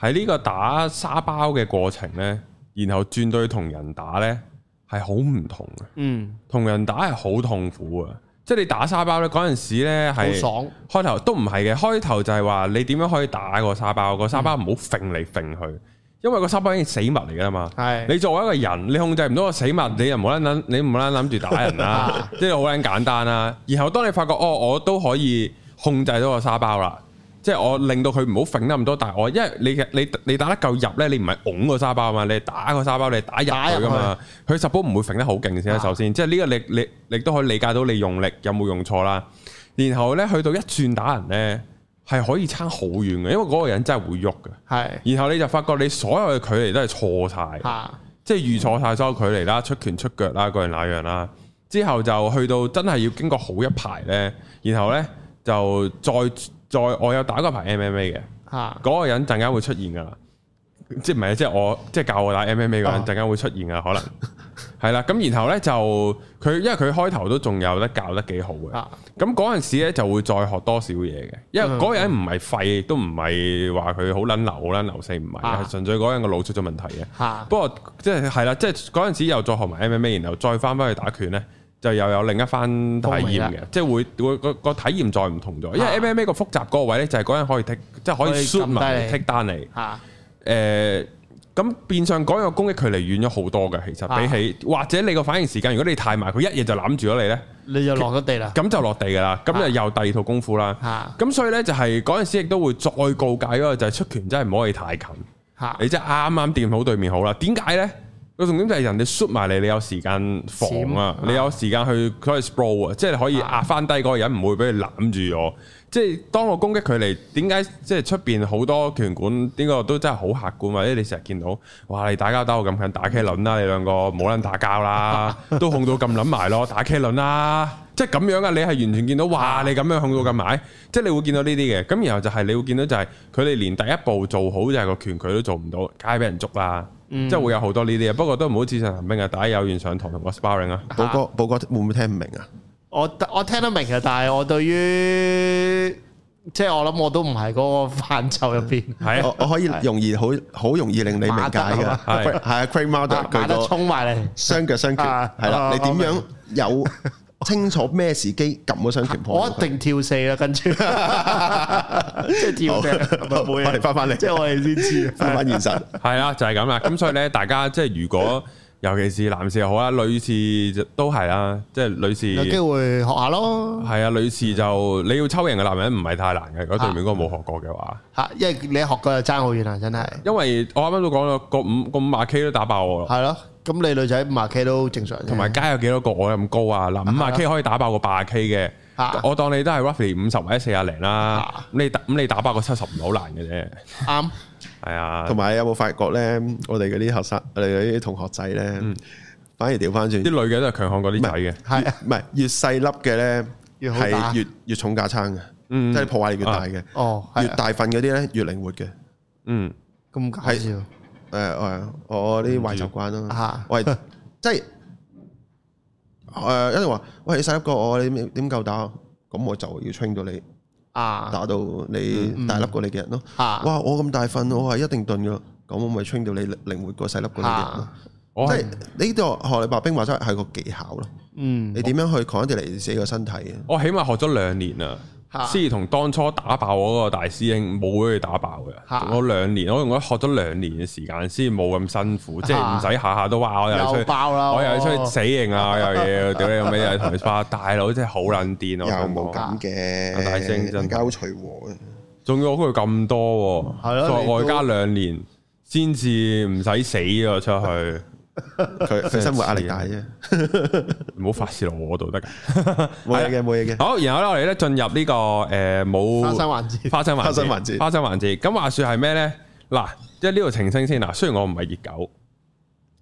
喺呢個打沙包嘅過程咧，然後轉到同人打咧。係好唔同嘅，嗯，同人打係好痛苦啊！即係你打沙包呢嗰陣時咧係，爽開頭都唔係嘅，開頭就係話你點樣可以打個沙包？個沙包唔好揈嚟揈去，因為個沙包已經死物嚟噶啦嘛。是你作為一個人，你控制唔到個死物，你又冇諗諗，你冇諗諗住打人啦， [LAUGHS] 即係好簡單啦。然後當你發覺哦，我都可以控制到個沙包啦。即係我令到佢唔好揈得咁多，但係我因為你你你打得夠入呢，你唔係拱個沙包啊嘛，你打個沙包你打入去㗎嘛。佢十波唔會揈得好勁先啦。首先，即係呢個力你力都可以理解到你用力有冇用錯啦。然後呢，去到一轉打人呢，係可以差好遠嘅，因為嗰個人真係會喐嘅。係。是的 然後你就發覺你所有嘅距離都係錯晒，是的 即係預錯晒所有距離啦、出拳出腳啦、嗰樣那樣啦。之後就去到真係要經過好一排呢，然後呢，就再。再我有打嗰排 MMA 嘅，嗰個、啊、人陣間會出現噶啦，即係唔係即係我即係、就是、教我打 MMA 嗰人陣間會出現㗎，可能係啦。咁、啊、然後咧就佢，因為佢開頭都仲有得教得幾好嘅。咁嗰陣時咧就會再學多少嘢嘅，因為嗰人唔係廢，都唔係話佢好撚流好撚流四唔係，啊、純粹嗰人個腦出咗問題嘅。啊、不過即係係啦，即係嗰陣時又再學埋 MMA，然後再翻返去打拳咧。就又有另一番體驗嘅，即係會會個個體驗再唔同咗。因為 MMA 個複雜嗰個位咧，就係嗰陣可以 take，即係可以 shoot 埋 take down 你。嚇！誒，咁變相嗰個攻擊距離遠咗好多嘅，其實比起或者你個反應時間，如果你太慢，佢一嘢就攬住咗你咧，你就落咗地啦。咁就落地㗎啦。咁就又第二套功夫啦。嚇！咁所以咧就係嗰陣時亦都會再告誡嗰個就係出拳真係唔可以太近。嚇！你即係啱啱掂好對面好啦。點解咧？佢重點就係人哋 shoot 埋你，你有時間防啊，啊你有時間去佢、啊、可以 sprawl 啊，即係你可以壓翻低嗰個人，唔會俾佢攬住我。即係當我攻擊佢哋，點解即係出面好多拳館？呢個都真係好客觀，或者你成日見到，哇！你打交打到咁近，打茄輪啦，你兩個冇撚打交啦，都控到咁撚埋咯，打茄輪啦，即係咁樣啊！你係完全見到，哇！你咁樣控到咁埋，即係你會見到呢啲嘅。咁然後就係、是、你會見到就係佢哋連第一步做好就係個拳佢都做唔到，梗係俾人捉啦。嗯、即係會有好多呢啲啊。不過都唔好自尋兵大家有啊！打友願上堂同我 sparring 啊，寶哥，寶哥會唔會聽唔明啊？我我聽得明嘅，但係我對於即係我諗我都唔係嗰個範疇入邊。係啊，我可以容易好好容易令你明解嘅。係啊，Cray Model，佢都衝埋嚟，雙腳雙拳，係啦。你點樣有清楚咩時機撳咗雙拳破？我一定跳四啦，跟住即係跳四。我哋翻翻嚟，即係我哋先知翻翻現實。係啦，就係咁啦。咁所以咧，大家即係如果。尤其是男士又好啦，女士都係啦，即係女士有機會學下咯。係啊，女士就你要抽型嘅男人唔係太難嘅，如果對面嗰個冇學過嘅話嚇、啊，因為你學過就爭好遠啦，真係。因為我啱啱都講啦，個五個五廿 K 都打爆我咯。係咯、啊，咁你女仔五廿 K 都正常。同埋街有幾多個我咁高啊？嗱，五廿 K 可以打爆個八廿 K 嘅。啊、我當你都係 roughly 五十或者四廿零啦。咁你打咁你打爆個七十唔係好難嘅啫。啱、啊。啊 [LAUGHS] 係啊，同埋有冇發覺咧？我哋嗰啲學生，我哋嗰啲同學仔咧，反而調翻轉，啲女嘅都係強悍過啲仔嘅，係唔係？越細粒嘅咧，係越越重架撐嘅，即係破壞力越大嘅。哦，越大份嗰啲咧越靈活嘅，嗯，咁搞笑。誒誒，我啲壞習慣啦，喂，即係誒，有人話喂，你細粒過我，你點點夠打？咁我就要 train 到你。啊！打到你大粒過你嘅人咯！嗯嗯啊、哇！我咁大份，我係一定鈍嘅，咁我咪沖掉你靈活過細粒過你嘅人咯！啊、即係呢個學你白兵，話真係個技巧咯。嗯，你點樣去抗得嚟自己嘅身體啊？我起碼學咗兩年啦。先至同當初打爆我嗰個大師兄冇俾佢打爆嘅，我用了了兩年我我學咗兩年嘅時間先冇咁辛苦，啊、即係唔使下下都話我又出去爆出，又我，我又去出去死刑啊， [LAUGHS] 又要屌你有咩又同你爆，大佬真係好撚癲啊！有冇咁嘅，大聲真交隨和，仲要我佢咁多，再外加兩年先至唔使死啊出去。 [LAUGHS] 佢佢生活壓力大啫，唔好發泄落我度得㗎，冇嘢嘅，冇嘢嘅。好，然後我哋咧，進入呢個誒，冇花生環節，花生環節，花生環節。咁話說係咩咧？嗱，即係呢度澄清先嗱。雖然我唔係熱狗，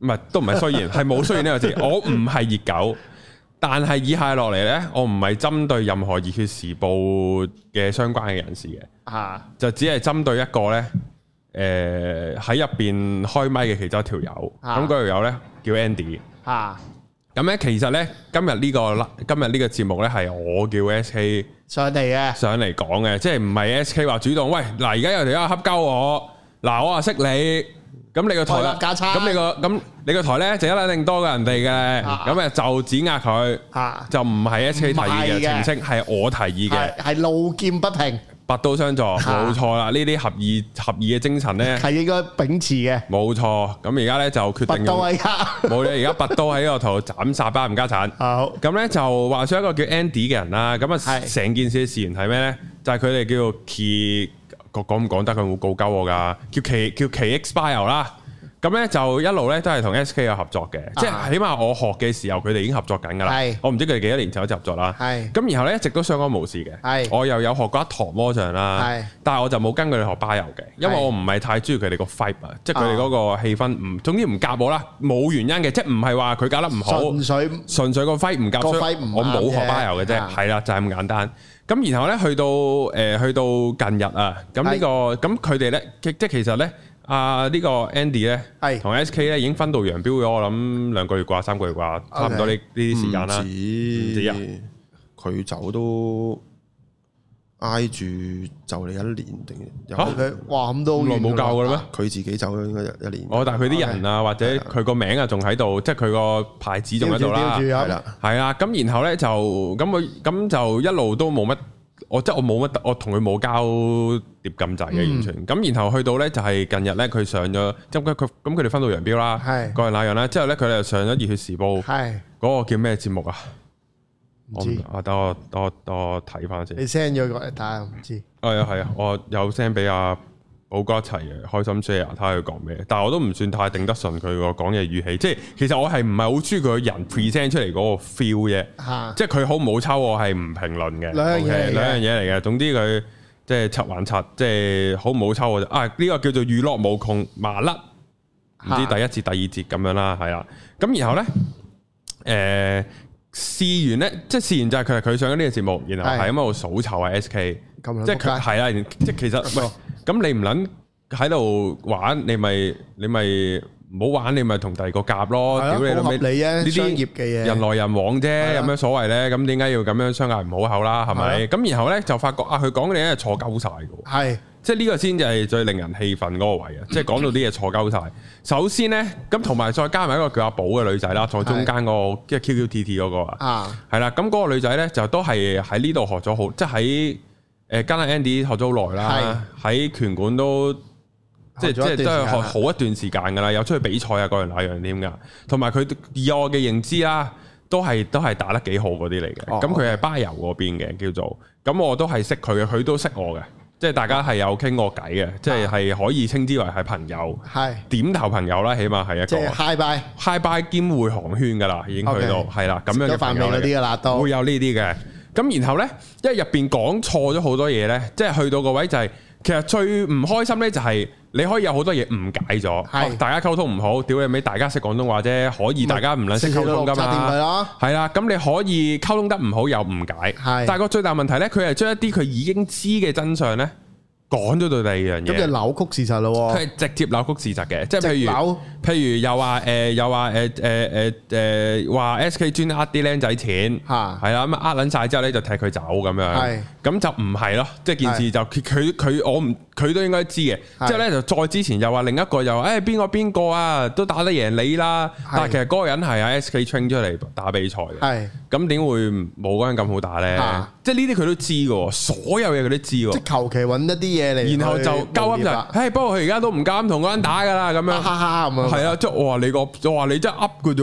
唔係都唔係雖然係冇雖然呢個字，我唔係熱狗，但係以下落嚟咧，我唔係針對任何《熱血時報》嘅相關嘅人士嘅，啊，就只係針對一個咧。誒，喺入邊開麥嘅其中一條友，咁嗰條友咧叫 Andy。吓，咁咧其實咧今日呢個今日呢個節目咧係我叫 S K 上嚟嘅，上嚟講嘅，即係唔係 S K 話主動。喂，嗱，而家有條友恰鳩我，嗱，我話識你，咁你個台咁你個咁你個台咧就一定多過人哋嘅，咁啊就指壓佢，吓就唔係 S K 提議嘅，澄清，係我提議嘅，係路見不平，拔刀相助，冇錯啦！呢啲俠義俠義嘅精神咧，係應該秉持嘅，冇錯。咁而家咧就決定，冇啦！而家拔刀喺呢個度斬殺班冚家鏟。啊 [LAUGHS] 好，咁咧就話說一個叫 Andy 嘅人啦。咁啊，成件事嘅事緣係咩咧？是就係佢哋叫其講唔講得，佢會告鳩我噶。叫其叫其 Expire 啦。咁咧就一路咧都係同 SK 有合作嘅，即係起碼我學嘅時候佢哋已經合作緊噶啦。我唔知佢哋幾多年前就有合作啦。咁然後咧一直都相安無事嘅。我又有學過一堂魔術啦，但係我就冇跟佢哋學巴柔嘅，因為我唔係太中意佢哋個 vibe，即係佢哋嗰個氣氛，唔總之唔夾我啦，冇原因嘅，即係唔係話佢教得唔好，純粹純粹個 vibe 唔夾我，我冇學巴柔嘅啫，係啦，就係咁簡單。咁然後咧去到誒去到近日啊，咁呢個咁佢哋咧即係其實咧。啊，呢個 Andy 咧，係同 SK 咧已經分道揚鑣咗。我諗兩個月啩，三個月啩，差唔多呢呢啲時間啦。唔止，佢走都挨住就你一年定嚇？哇，咁都好耐冇教嘅啦咩？佢自己走咗應該一年。哦，但係佢啲人啊，或者佢個名啊，仲喺度，即係佢個牌子仲喺度啦。標住啊，係啦，係啦。咁然後咧就咁佢咁就一路都冇乜。我即係我冇乜，我同佢冇交疊咁滯嘅完全。咁、嗯、然後去到咧就係近日咧，佢上咗即係佢佢咁佢哋分道揚鑣啦。係嗰日拉完啦，之後咧佢哋又上咗《熱血時報》。係嗰是個叫咩節目我啊？唔知啊，等我等我等我睇翻先。你 send 咗個但係唔知。係啊係啊，我有 send 俾阿。 [LAUGHS] 好一齊嘅，開心 share，睇佢講咩。但係我都唔算太頂得順佢個講嘢語氣，即係其實我係唔係好中意佢人 present 出嚟嗰個 feel 嘅。即係佢好唔好抽我，我係唔評論嘅。兩樣嘢，兩樣嘢嚟嘅。總之佢即係七還七，即係好唔好抽我啊？呢個叫做娛樂無窮麻甩，唔知第一節、啊、第二節咁樣啦，係啦。咁然後咧，誒，試完咧，即係試完就係佢，佢上緊呢個節目，然後係咁喺度數籌啊！SK，即係係啦，即係其實咁你唔捻喺度玩，你咪你咪唔好玩，你咪同第二個夾咯，屌你老味！呢啲商業嘅嘢，人來人往啫，有咩所謂咧？咁點解要咁樣相嗌唔好口啦？係咪？咁然後咧就發覺啊，佢講嘅嘢係錯鳩晒嘅。係，即係呢個先至係最令人氣憤嗰個位啊！即係講到啲嘢錯鳩晒。首先咧，咁同埋再加埋一個叫阿寶嘅女仔啦，坐中間個即係 QQTT 嗰個啊。係啦，咁嗰個女仔咧就都係喺呢度學咗好，即係喺。誒跟阿 Andy 學咗好耐啦，喺的拳館都即係即係都係學好一段時間噶啦，有出去比賽啊，各樣那樣啲噶。同埋佢以我嘅認知啦，都係都係打得幾好嗰啲嚟嘅。咁佢係巴柔嗰邊嘅，叫做，咁我都係識佢嘅，佢都識我嘅，即係大家係有傾過偈嘅，即係係可以稱之為係朋友，係的點頭朋友啦，起碼係一個。Hi bye，hi bye 兼會行圈噶啦，已經去到係啦，咁樣嘅朋友都會有呢啲嘅。 [LAUGHS] 咁然後呢，因為入邊講錯咗好多嘢呢，即係去到個位就係、是、其實最唔開心呢，就係你可以有好多嘢誤解咗，係是、哦、大家溝通唔好，屌你咪大家識廣東話啫，可以大家唔撚識溝通㗎嘛，係啦，咁、啊、你可以溝通得唔好又誤解，是但係個最大問題呢，佢係將一啲佢已經知嘅真相呢。講咗到第二樣嘢，咁就扭曲事實咯。佢係直接扭曲事實嘅，即係譬如譬如又話誒，又話誒誒誒誒，話 SK 專呃啲僆仔錢吓，係啦咁呃捻晒之後咧就踢佢走咁樣，係咁就唔係咯，即係件事就佢佢我唔佢都應該知嘅。之後咧就再之前又話另一個又話誒邊個邊個啊都打得贏你啦，但係其實嗰個人係喺 SK train 出嚟打比賽嘅，係咁點會冇嗰人咁好打咧？即係呢啲佢都知嘅喎，所有嘢佢都知喎。即係求其揾一啲嘢嚟。然後就鳩噏就，嘿、哎！不過佢而家都唔鳩噏同嗰 i 打㗎啦，咁、嗯、樣。哈哈咁哈，係啊！即係我話你、那個，我話你真係噏嘅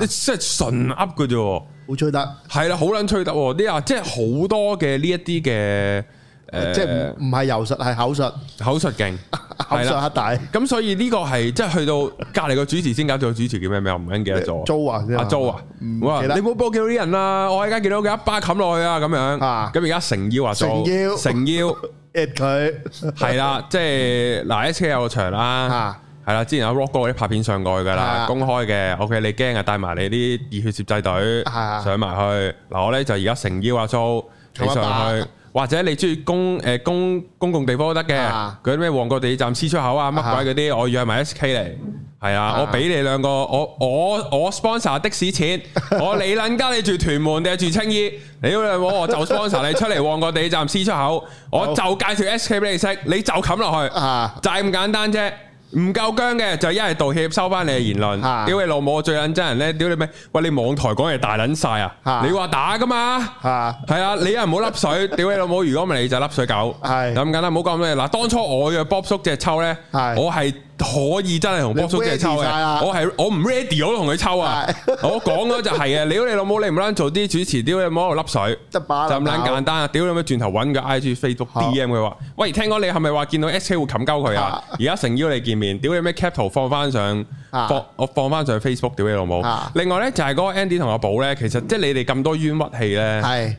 啫，即係 [LAUGHS] 純噏嘅啫，好、 [LAUGHS] 啊、吹得。係啦、啊，好撚吹得啲啊！即係好多嘅呢一啲嘅。誒，即係唔唔係柔術係口術，口術勁，口術大。咁所以呢個係即係去到隔籬個主持，先搞到個主持叫咩名？我唔記得咗。阿鄒啊，阿鄒啊，哇！你冇波見到啲人啊？我而家見到佢一巴冚落去啊！咁樣，咁而家成邀阿鄒，成邀。成邀 at 佢，係啦，即係嗱 SK 有個場啦，係啦，之前阿 Rock 哥啲拍片上過去噶啦，公開嘅。OK，你驚啊？帶埋你啲熱血攝製隊上埋去。嗱，我咧就而家成邀阿鄒，你上去。或者你中意公誒、呃、公公共地方都得嘅，嗰啲咩旺角地鐵站 C 出口啊，乜鬼嗰啲，啊、我約埋 S K 嚟？係啊，啊我俾你兩個，我我我 sponsor 的士錢，啊、我你撚家你住屯門定係住青衣，屌、啊、你我，就 sponsor 你出嚟旺角地鐵站 C 出口，啊、我就介紹 S K 俾你識，你就冚落去，啊、就係咁簡單啫。唔夠薑嘅就一係道歉收翻你嘅言論。屌你、啊、老母，我最認真人咧，屌你咩？喂，你網台講嘢大撚晒啊！你話打㗎嘛？係啊，你有人冇甩水？屌你 [LAUGHS] 老母，如果唔係你就甩水狗。係咁、啊、簡單，唔好講咁嘅。嗱，當初我約 Bob 叔隻抽呢，是啊、我係。可以真係同波叔借抽嘅，我係我唔 ready 我都同佢抽啊！我講咗就係啊！屌你老母，你唔撚做啲主持啲咁樣攞嚟甩水，咁撚簡單啊！屌你咪轉頭搵個 I G Facebook D M 佢話，喂，聽講你係咪話見到 S K 會冚鳩佢啊？而家誠邀你見面，屌你咩 cap 圖放翻上，放我放翻上 Facebook，屌你老母！另外咧就係嗰個 Andy 同阿寶咧，其實即係你哋咁多冤屈氣咧，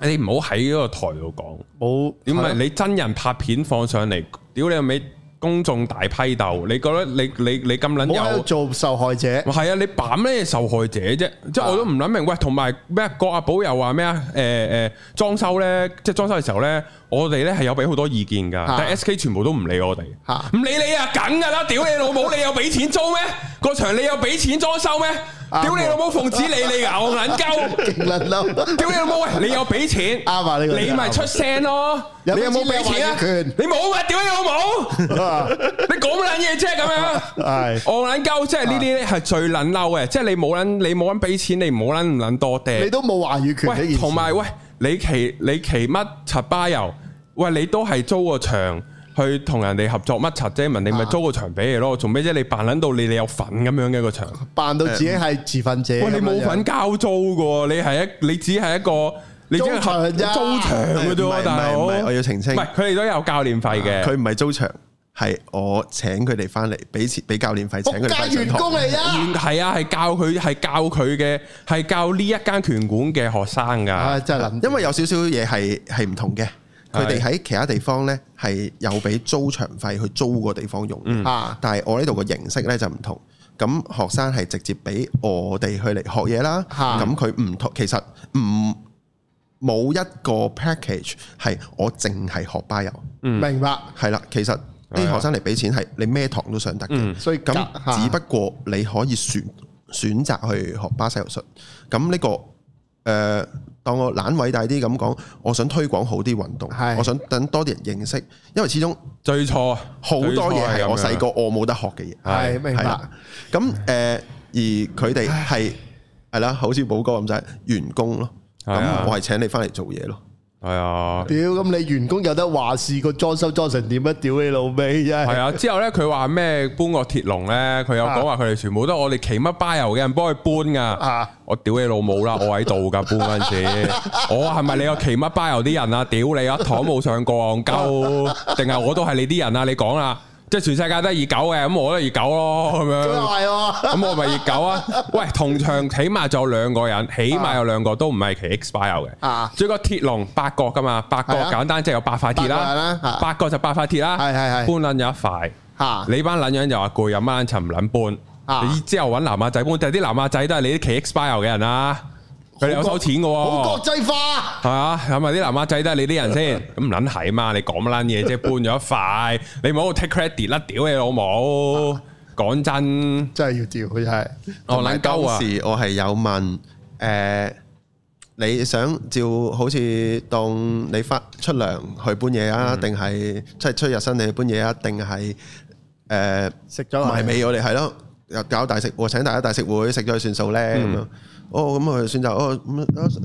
你唔好喺嗰個台度講，點咪你真人拍片放上嚟，屌你阿尾！公眾大批鬥，你覺得你你你咁捻有做受害者？係啊，你扮咩受害者啫？即係我都唔諗明喂，同埋咩郭阿寶又話咩啊？誒、欸、誒，裝修咧，即係裝修嘅時候咧，我哋咧係有俾好多意見噶，但係 SK 全部都唔理我哋，吓，唔理你啊，梗噶啦，屌你老母，你有俾錢租咩？個 [LAUGHS] 場你有俾錢裝修咩？屌你老母，奉旨理你噶，你我捻鳩勁捻嬲，屌你老母喂，你有俾錢，阿爸、呢個、你咪出聲咯，你有冇俾錢啊？權你冇啊，屌你老母，你講乜捻嘢啫咁樣？係我捻鳩，即係呢啲咧係最捻嬲嘅，即係你冇捻，你冇捻俾錢，你唔好捻唔捻多啲，你都冇話語權。同埋喂，你騎你騎乜柒巴油？喂，你都係租個場。去同人哋合作乜柒啫？問你咪租個場俾佢咯。做咩啫？你扮捻到你你有份咁樣嘅個場，扮到自己係自憤者。你冇份交租噶，你係一你只係一個你租場啫，租場嘅啫。唔係唔係，我要澄清。唔係佢哋都有教練費嘅，佢唔係租場，係我請佢哋翻嚟俾俾教練費，請佢哋翻嚟。員工嚟啊，係啊，係教佢係教佢嘅，係教呢一間拳館嘅學生噶。啊，即因為有少少嘢係係唔同嘅。佢哋喺其他地方呢，係有俾租場費去租個地方用。嗯、但係我呢度個形式呢，就唔同。咁學生係直接俾我哋去嚟學嘢啦。咁佢唔同，其實唔冇一個 package 係我淨係學巴柔，嗯。明白。係啦，其實啲學生嚟俾錢係你咩堂都想得嘅，嗯。所以咁，那嗯、只不過你可以選選擇去學巴西柔術。咁呢、這個誒。呃當我懶偉大啲咁講，我想推廣好啲運動，的我想等多啲人認識，因為始終最初好多嘢係我細個我冇得學嘅嘢。係。明白。咁誒，而佢哋係係啦，好似寶哥咁就係員工咯。咁我係請你返嚟做嘢咯。係啊，哎、屌！咁你員工有得話事個裝修裝成點乜？屌你老味？真係。啊，之後咧佢話咩搬個鐵籠咧，佢有講話佢哋全部都係我哋奇乜巴油嘅人幫佢搬噶。啊、我屌你老母啦，我喺度噶搬嗰陣時，我係咪你個奇乜巴油啲人啊？屌你啊，屌你啊 [LAUGHS] 堂冇上過鳩，定、嗯、係我都係你啲人啊？你講啊！即係全世界都係二九嘅，咁我都二九咯，咁 [LAUGHS] 樣。係咁 [LAUGHS] 我咪二九啊？喂，同場起碼就兩個人，啊、起碼有兩個都唔係奇 X s l e 嘅。啊，仲有個鐵籠八角噶嘛，八角簡單即係、就是、有八塊鐵啦，八，啊啊、八角就八塊鐵啦，係係係，搬捻有一塊。啊、你班捻人又話攰，又孖捻沉捻搬，啊、你之後揾南亞仔搬，但係啲南亞仔都係你啲奇 X s l e 嘅人啊。佢哋有收錢嘅，好國際化係啊，咁咪啲南亞仔都係你啲人先，咁唔捻係嘛，你講乜捻嘢啫？搬咗一塊，你唔好 take credit 啦，屌你老母！講 [LAUGHS] 真，真係要屌佢係。同埋、哦、當時我係有問，誒、呃，你想照好似當你發出糧去搬嘢啊，定係、嗯、出出入新你去搬嘢啊，定係誒食咗埋尾我哋係咯，又、呃、搞大食會，請大家大食會食咗去算數咧咁樣。嗯哦，咁我選擇哦，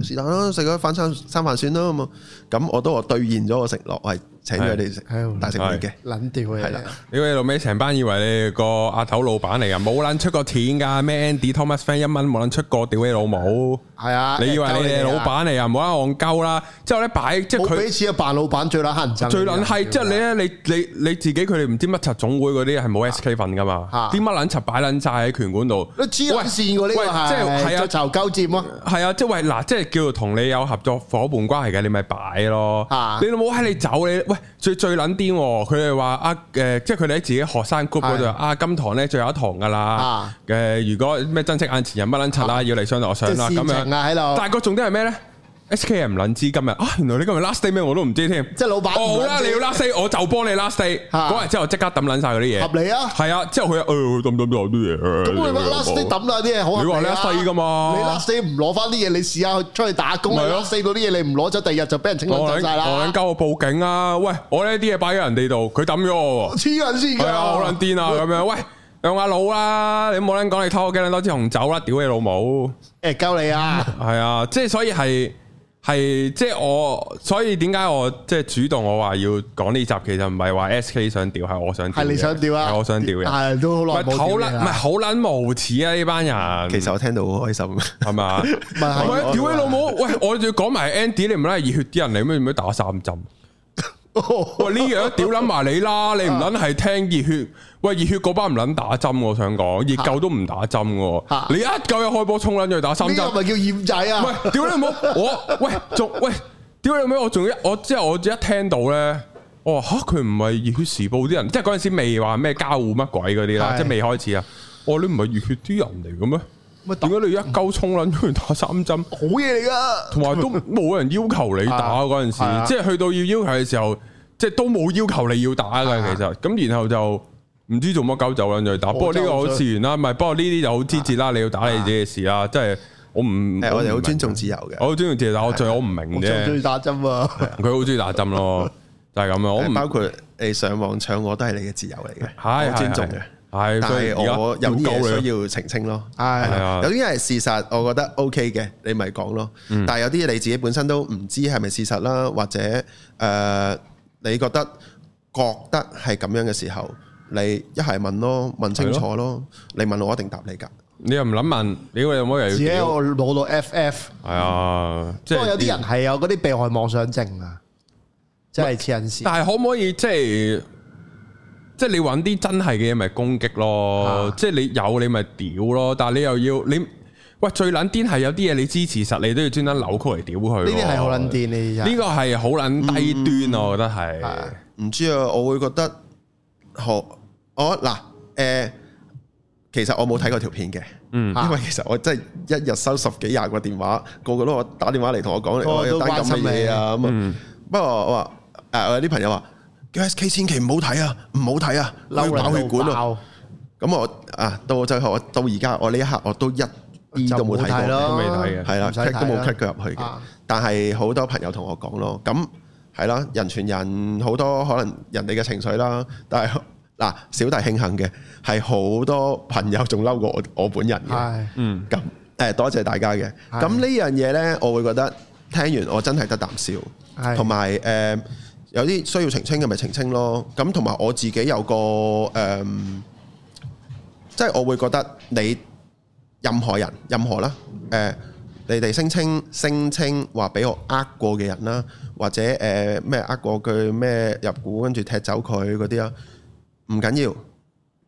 是但啦，食、嗯、個飯餐餐飯算啦，咁、嗯、我都話我兌現咗我承諾，係。請佢哋食，大食碟嘅，捻屌你！係啦，你喂老尾成班以為你個阿頭老闆嚟噶，冇捻出過錢噶，咩 Andy Thomas Fan 一蚊冇捻出過，屌你老母！係啊，你以為你係老闆嚟啊？唔好咁戇鳩啦！之後咧擺，即係佢冇俾錢啊！扮老闆最撚乞人憎，最撚閪！即係你咧，你你你自己，佢哋唔知乜柒總會嗰啲係冇 SK 粉噶嘛？啲乜撚柒擺撚曬喺拳館度，黐撚線嗰啲啊！即係係啊，就鳩賬啊！係啊，即係喂嗱，即係叫做同你有合作伙伴關係嘅，你咪擺咯。你老母喺你走你。最最捻啲，佢哋話啊，誒、呃，即係佢哋喺自己學生 group 嗰度啊，今堂咧最後一堂噶啦，誒、啊，如果咩珍惜眼前人不捻擦啦，要嚟上、啊、就上、是、啦、啊，咁樣。但係個重點係咩咧？S.K.M. 唔捻知今日啊，原來你今日 last day 咩我都唔知添。即係老闆，好啦，你要 last day 我就幫你 last day。嗰日之後即刻抌捻晒嗰啲嘢，合理啊。係啊，之後佢誒，佢抌抌咗啲嘢。咁你乜 last day 抌啦啲嘢好合理啊。你話你一世噶嘛？你 last day 唔攞翻啲嘢，你試下去出去打工。係啊，嗰啲嘢你唔攞咗，第二日就俾人整爛晒啦。我諗我教我報警啊！喂，我呢啲嘢擺喺人哋度，佢抌咗黐人先！線噶，好捻癲啊！咁樣喂，讓下佬啦，你冇捻講你偷我幾捻多支紅酒啦，屌你老母！誒，教你啊，係啊，即係所以係。係即係我，所以點解我即係主動？我話要講呢集，其實唔係話 SK 想調，係我想調。係你想調啊！係我想調嘅。但係都好耐好卵，唔係好卵無恥啊！呢班人，其實我聽到好開心，係嘛？係咪？屌你老母！ [LAUGHS] 喂，我仲要講埋 Andy，你唔係熱血啲人你做咩做咩打三針？Oh. 喂，呢樣都屌捻埋你啦！你唔捻係聽熱血？喂，熱血嗰班唔捻打針，我想講，熱狗都唔打針嘅。Oh. 你一夠又開波衝捻咗去打三針，呢咪叫醃仔啊喂？喂，屌你冇我喂仲喂屌你咩？我仲一我之後、就是、我一聽到咧，我話吓佢唔係熱血時報啲人，即係嗰陣時未話咩交互乜鬼嗰啲啦，即係未開始啊！我話你唔係熱血啲人嚟嘅咩？點解你一溝衝撚出去打三針？好嘢嚟噶，同埋都冇人要求你打嗰陣時，即係去到要要求嘅時候，即係都冇要求你要打噶。其實咁，然後就唔知做乜鳩走捻住打。不過呢個我試完啦，唔係。不過呢啲就好私自啦，你要打你自己嘅事啦。即係我唔，我哋好尊重自由嘅，我好尊重自由。但我最我唔明啫，我最中意打針啊，佢好中意打針咯，就係咁樣。我唔包括你上網搶我都係你嘅自由嚟嘅，我尊重嘅。係，但係我有啲嘢需要澄清咯。係啊、哎呀，有啲係事實，我覺得 O K 嘅，你咪講咯。嗯、但係有啲嘢你自己本身都唔知係咪事實啦，或者誒、呃，你覺得覺得係咁樣嘅時候，你一係問咯，問清楚咯。呀你問我一定答你噶。你又唔諗問。你話可唔可以自己攞到 FF？係啊、哎呀，即係有啲人係有嗰啲被害妄想症啊，即係痴人說。但係可唔可以即係？即係你揾啲真係嘅嘢，咪攻擊咯。啊、即係你有你咪屌咯。但係你又要你，喂最撚癲係有啲嘢你支持實，你都要專登扭曲嚟屌佢。呢啲係好撚癲，呢個係好撚低端，嗯、我覺得係、嗯。唔知啊，我會覺得，好，我嗱誒、啊呃，其實我冇睇過條片嘅。嗯，因為其實我真係一日收十幾廿個電話，個個都話打電話嚟同我講我、哦、有關心嘢啊咁啊。不過、嗯嗯、我話誒、呃，我有啲朋友話。叫 SK 千祈唔好睇啊，唔好睇啊，嬲爆血管咯。咁我啊到最後我到而家我呢一刻我都一啲都冇睇到，都未睇嘅，係啦，都冇 cut 佢入去嘅。但係好多朋友同我講咯，咁係啦，人傳人，好多可能人哋嘅情緒啦。但係嗱，小弟慶幸嘅係好多朋友仲嬲過我我本人嘅，嗯，咁誒多謝大家嘅。咁呢樣嘢咧，我會覺得聽完我真係得啖笑，係同埋誒。有啲需要澄清嘅咪澄清咯，咁同埋我自己有個誒，即、呃、係、就是、我會覺得你任何人任何啦，誒、呃、你哋聲稱聲稱話俾我呃過嘅人啦，或者誒咩呃過佢咩入股跟住踢走佢嗰啲啊，唔緊要，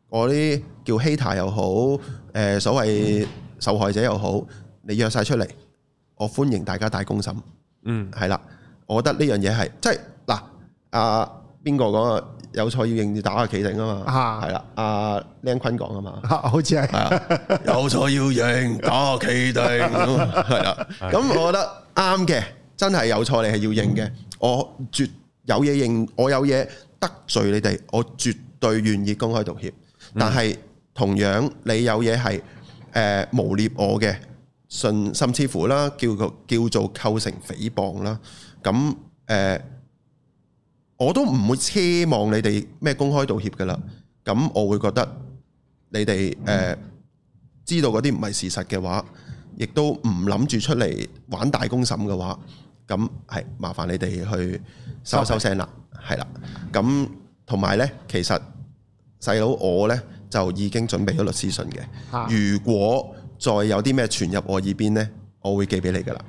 我啲叫 hater 又好，誒、呃、所謂受害者又好，你約晒出嚟，我歡迎大家大公審，嗯，係啦，我覺得呢樣嘢係即係。就是阿邊個講啊？有錯要認，打下企定啊嘛，係啦、啊。阿靚、啊、坤講啊嘛，好似係的 [LAUGHS] 有錯要認，打下企定！係啦。咁 [LAUGHS] 我覺得啱嘅，真係有錯你係要認嘅。我絕有嘢認，我有嘢得罪你哋，我絕對願意公開道歉。嗯、但係同樣你有嘢係誒誣衊我嘅，信甚至乎啦，叫個叫做構成誹謗啦。咁誒。呃我都唔會奢望你哋咩公開道歉噶啦，咁我會覺得你哋誒、呃、知道嗰啲唔係事實嘅話，亦都唔諗住出嚟玩大公審嘅話，咁係麻煩你哋去收收聲啦，係啦、嗯，咁同埋呢，其實細佬我呢，就已經準備咗律師信嘅，如果再有啲咩傳入我耳邊呢，我會寄俾你噶啦。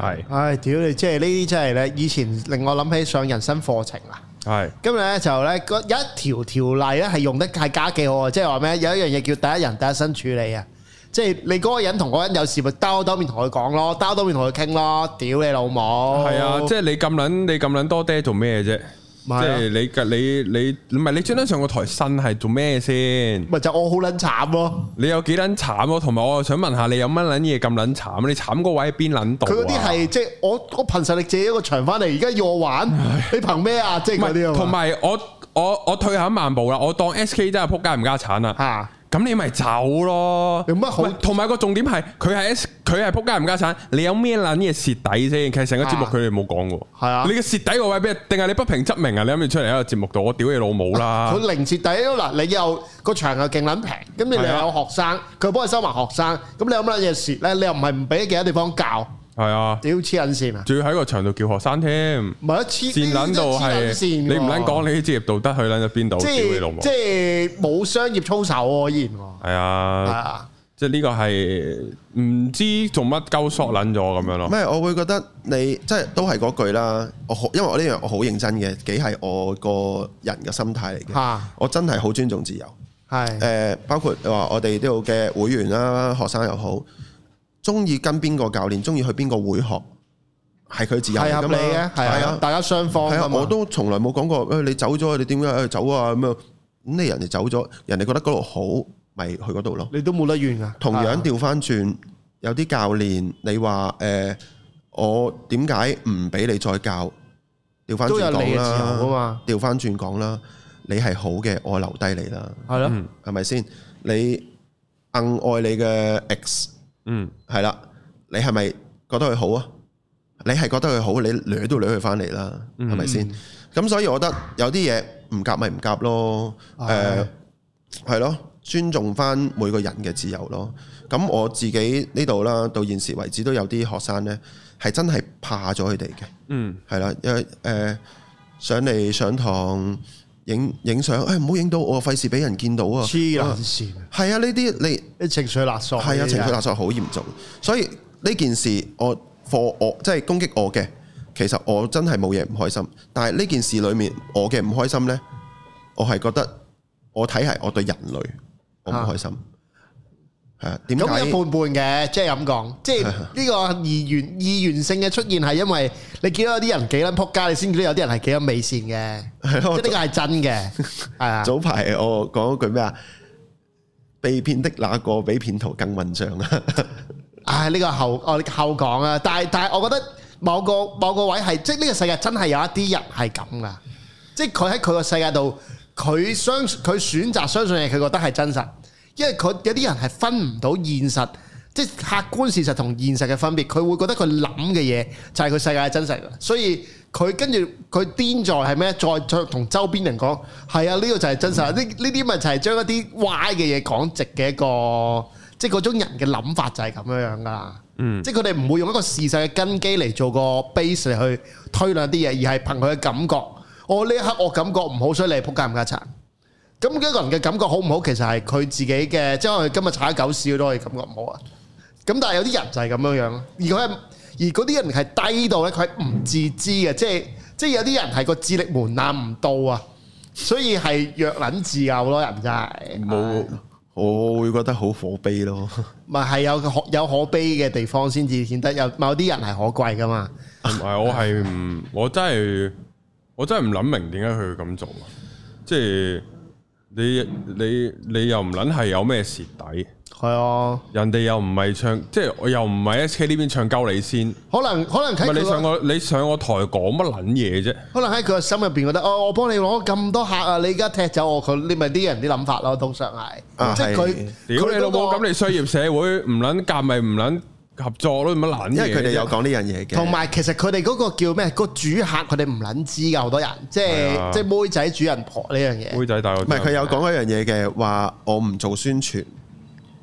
係，唉，屌你！即係呢啲，真係咧，以前令我諗起上人生課程啦。係，是的 今日咧就咧，個一條條例咧係用得係加幾好啊！即係話咩？有一樣嘢叫第一人第一身處理啊！即係你嗰個人同嗰個人有事，咪兜兜面同佢講咯，兜兜面同佢傾咯，屌的你老母！係啊，即係你咁捻，你咁捻多爹做咩啫？即係你嘅你你唔係你專登上個台身係做咩先？咪就是，我好撚慘咯，啊！你有幾撚慘咯，啊？同埋我想問下你有乜撚嘢咁撚慘？你慘嗰位喺邊撚度？佢嗰啲係即係我我憑實力借咗個場翻嚟，而家要我玩， [LAUGHS] 你憑咩啊？即係同埋我我我退下一萬步啦，我當 SK 真係仆街唔加慘啦吓。咁你咪走咯，有乜好？同埋個重點係佢係佢係仆街冚家鏟，你有咩捻嘢蝕底先？其實成個節目佢哋冇講嘅，係啊，你嘅蝕底個位邊？定係你不平則鳴啊？你諗住出嚟喺個節目度，我屌你老母啦！佢零蝕底咯，嗱，你又、個場又勁捻平，咁你又有學生，佢幫你收埋學生，咁你有乜捻嘢蝕咧？你又唔係唔俾其他地方教？係啊，屌黐捻線啊！仲要喺個場度叫學生添，唔係一黐撚線度係，你唔捻講你啲職業道德去捻咗邊度？即係冇商業操守喎，依然啊，係啊，即係呢個係唔知做乜鳩索捻咗咁樣咯。咩？我會覺得你即係都係嗰句啦。我因為我呢樣我好認真嘅，幾係我個人嘅心態嚟嘅。吓，我真係好尊重自由。係誒，包括話我哋呢度嘅會員啦，學生又好。中意跟邊個教練，中意去邊個會學，係佢自由噶嘛？係啊，大家雙方。係啊，我都從來冇講過，誒、哎，你走咗，你點解要走啊？咁、嗯、樣咁、啊，你人哋走咗，人哋覺得嗰度好，咪去嗰度咯。你都冇得怨啊。同樣調翻轉，有啲教練你話誒，我點解唔俾你再教？調翻轉講啦，調翻轉講啦，你係好嘅，我留低你啦。係咯、啊，係咪先？你硬愛你嘅 X。嗯，係啦，你係咪覺得佢好啊？你係覺得佢好，你掠都掠佢翻嚟啦，係咪先？咁、嗯、所以我覺得有啲嘢唔夾咪唔夾咯，誒、哎，係咯、呃，尊重翻每個人嘅自由咯。咁我自己呢度啦，到現時為止都有啲學生呢，係真係怕咗佢哋嘅。嗯，係啦，因為誒上嚟上堂。影影相，哎唔好影到我，費事俾人見到啊！黐捻線，係說啊呢啲你些、啊、情緒勒索，係啊情緒勒索好嚴重。所以呢件事我課我即係、就是、攻擊我嘅，其實我真係冇嘢唔開心。但係呢件事裏面我嘅唔開心咧，我係覺得我睇係我對人類我唔開心。啊咁一半半嘅，即係咁講，即係呢個二元二元性嘅出現係因為你見到有啲人幾捻撲街，你先知道有啲人係幾咁美善嘅，呢的個係真嘅。係啊 [LAUGHS] 的，早排我講一句咩啊？被騙的那個比騙徒更混賬啊！唉、 [LAUGHS] 哎，呢、這個後我後講啊，但係但係我覺得某個某個位係，即係呢個世界真係有一啲人係咁噶，即係佢喺佢個世界度，佢相佢選擇相信嘢，佢覺得係真實。因為佢有啲人係分唔到現實，即係客觀事實同現實嘅分別，佢會覺得佢諗嘅嘢就係佢世界嘅真實，所以佢跟住佢癲在係咩？再再同周邊人講，係啊，呢、這個就係真實。呢呢啲咪就係將一啲歪嘅嘢講直嘅一個，即係嗰種人嘅諗法就係咁樣樣噶啦。嗯、即係佢哋唔會用一個事實嘅根基嚟做個 base 嚟去推論啲嘢，而係憑佢嘅感覺。我、哦、呢一刻我感覺唔好，所以你係仆街唔仆街㗎。咁一個人嘅感覺好唔好，其實係佢自己嘅，即係我哋今日踩狗屎都可以感覺唔好啊。咁但係有啲人就係咁樣樣咯。而佢而嗰啲人係低到咧，佢係唔自知嘅，即係即係有啲人係個智力門檻唔到啊，所以係弱撚自幼咯，人真係冇我會覺得好可悲咯。咪係有可有可悲嘅地方先至顯得，有某啲人係可貴噶嘛。唔係我係唔我真係我真係唔諗明點解佢咁做啊，即係。你你你又唔撚係有咩蝕底？係啊，人哋又唔係唱，即係我又唔係喺車呢邊唱鳩你先。可能可能睇佢。唔係你上我你上我台講乜撚嘢啫？可能喺佢心入邊覺得哦，我幫你攞咁多客啊，你而家踢走我佢，你咪啲人啲諗法咯，通常係、啊嗯。即係佢。屌、啊啊、他你老母，咁、那個、你商業社會唔撚夾咪唔撚？合作咯，咁啊難，因為佢哋有講呢樣嘢嘅。同埋其實佢哋嗰個叫咩？個主客佢哋唔捻知㗎，好多人，即係的即係妹仔主人婆呢樣嘢。妹仔大我。唔係佢有講一樣嘢嘅，話我唔做宣傳，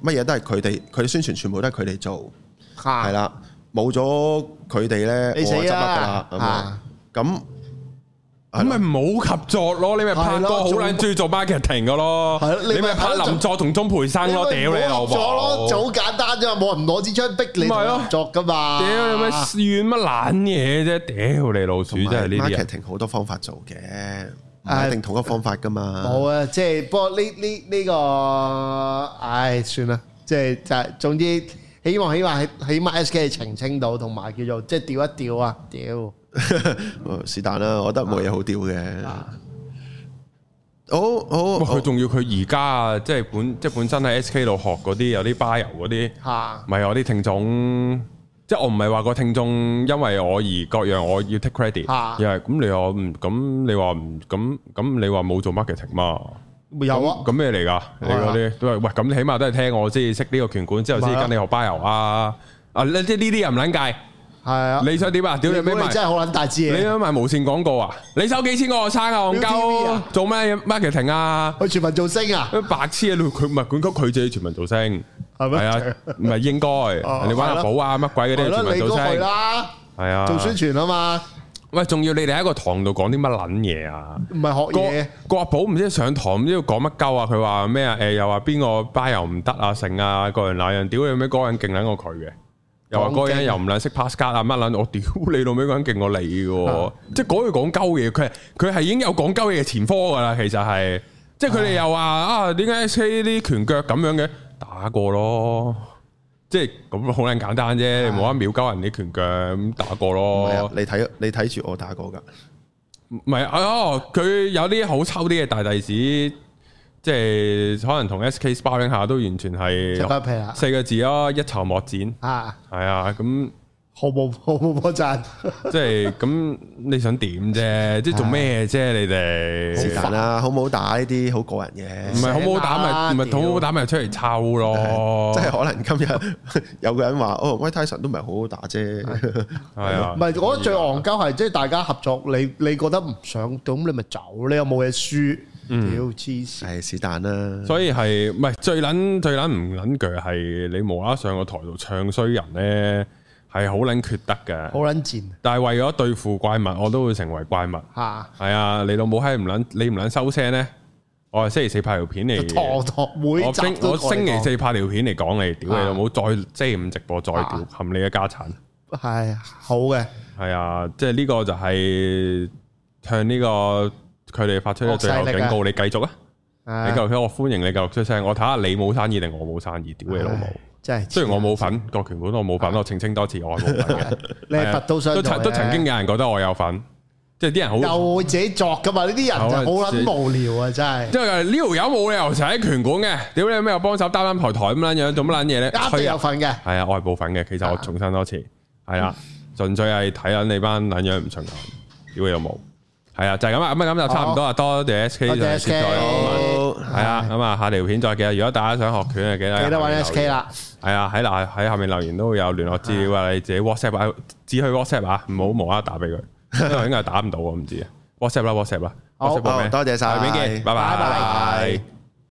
乜嘢都係佢哋，佢宣傳全部都係佢哋做，係啦的，冇咗佢哋咧，你死啦啊咁。咁咪唔好合作咯，你咪拍多好靚，鍾意做 marketing 噶咯。你咪拍林作同鍾培生咯，屌你老母！做咯就好簡單啫，冇人攞支槍逼你合作噶嘛。屌，有咩算乜懶嘢啫？屌你老鼠有真係呢啲。marketing 好多方法做嘅，唔係一定同一方法噶嘛。冇啊、哎，即係不過呢呢呢個，唉、哎、算啦，即係就係總之，希望起碼喺起碼 sk 澄清到，同埋叫做即係調一調啊，屌！是但啦，我覺得冇嘢好屌嘅。好好，佢仲要佢而家即係本即係本身喺 SK 度學嗰啲，有啲巴柔嗰啲吓，唔係有啲聽眾，即係我唔係話個聽眾，因為我而各樣，我要 take credit 吓，又係咁你話唔咁你話唔咁咁你話冇做 marketing 嘛？有啊，咁咩嚟噶？你嗰啲都係。喂，咁起碼都係聽我先識呢個拳館，之後先跟你學巴柔啊！啊，呢啲呢啲又唔捻計。係啊！你想點啊？屌你咩？真係好撚大隻！你想買無線廣告啊？你收幾錢個學生啊？戇鳩做咩 marketing 啊？去全民造星啊？白痴啊！佢唔係，佢咁拒絕去全民造星，係咪啊？唔係應該，你玩下寶啊，乜鬼嘅都要全民造星。做宣傳啊嘛！喂，仲要你哋喺個堂度講啲乜撚嘢啊？唔係學嘢。國寶唔知上堂唔知要講乜鳩啊？佢話咩啊？誒，又話邊個班又唔得啊？成啊，個人鬧人，屌你咩？個人勁捻過佢嘅。又話嗰個人又唔卵識 pass 卡啊，乜卵我屌你老味嗰人勁過你嘅，啊、即係講佢講鳩嘢，佢佢係已經有講鳩嘢嘅前科噶啦，其實係，即係佢哋又話、哎、呀啊，點解呢啲拳腳咁樣嘅打過咯？即係咁好卵簡單啫，冇一、哎、呀秒教人啲拳腳咁打過咯。啊、你睇你睇住我打過噶，唔係啊？佢、哦、有啲好抽啲嘅大弟子。即係可能同 SK sparring 下都完全係四個字咯，一籌莫展啊，係啊，咁好冇好冇波震，即係咁你想點啫？啊、即係做咩啫？你哋是但啊，好唔好打呢啲好個人嘅？唔係好唔好打咪，唔係好唔好打咪出嚟抽咯。即係可能今日有個人話哦，喂泰臣都唔係好好打啫，係啊。 [LAUGHS] [LAUGHS] 唔係我覺得最戇鳩係即係大家合作，你你覺得唔想咁你咪走，你有冇嘢輸。嗯，黐線，係是但啦。所以係唔係最撚最撚唔撚句係你無啦啦上個台度唱衰人咧，係好撚缺德㗎，好撚賤。但係為咗對付怪物，我都會成為怪物。吓，係啊、pues,，你老母閪唔撚，你唔撚收聲咧，我星期四拍條片嚟。屌我我星期四拍條片嚟講嚟，屌你，老母再即係唔直播，再屌冚你嘅家產。係好嘅。係啊，即係呢個就係向呢個。佢哋發出最後警告，你繼續啊！你夠皮，我歡迎你繼續出聲。我睇下你冇生意定我冇生意？屌你老母！真係，雖然我冇份，個拳館我冇份。我澄清多次我冇份嘅。你罰到上都曾經有人覺得我有份，即係啲人好又自己作噶嘛？呢啲人好捻無聊啊！真係，因為呢條友冇理由成日喺拳館嘅，屌你有咩幫手擔擔抬抬咁樣樣做乜撚嘢咧？佢有份嘅，係啊，我係冇份嘅。其實我重申多次，係啦，純粹係睇緊你班撚樣唔順眼。屌你老母！係啊，就係咁啊，咁啊，咁就差唔多啊，多謝 SK 就轉接咯，係啊，咁啊，下條片再見啦，如果大家想學拳啊，記得記得搵 SK 啦，係啊，喺嗱喺下面留言都會有聯絡資料啊，你自己 WhatsApp 啊，只去 WhatsApp 啊，唔好無啦打俾佢，因為應該打唔到，我唔知啊，WhatsApp 啦，WhatsApp 啦，好好，多謝晒，見拜拜，拜拜。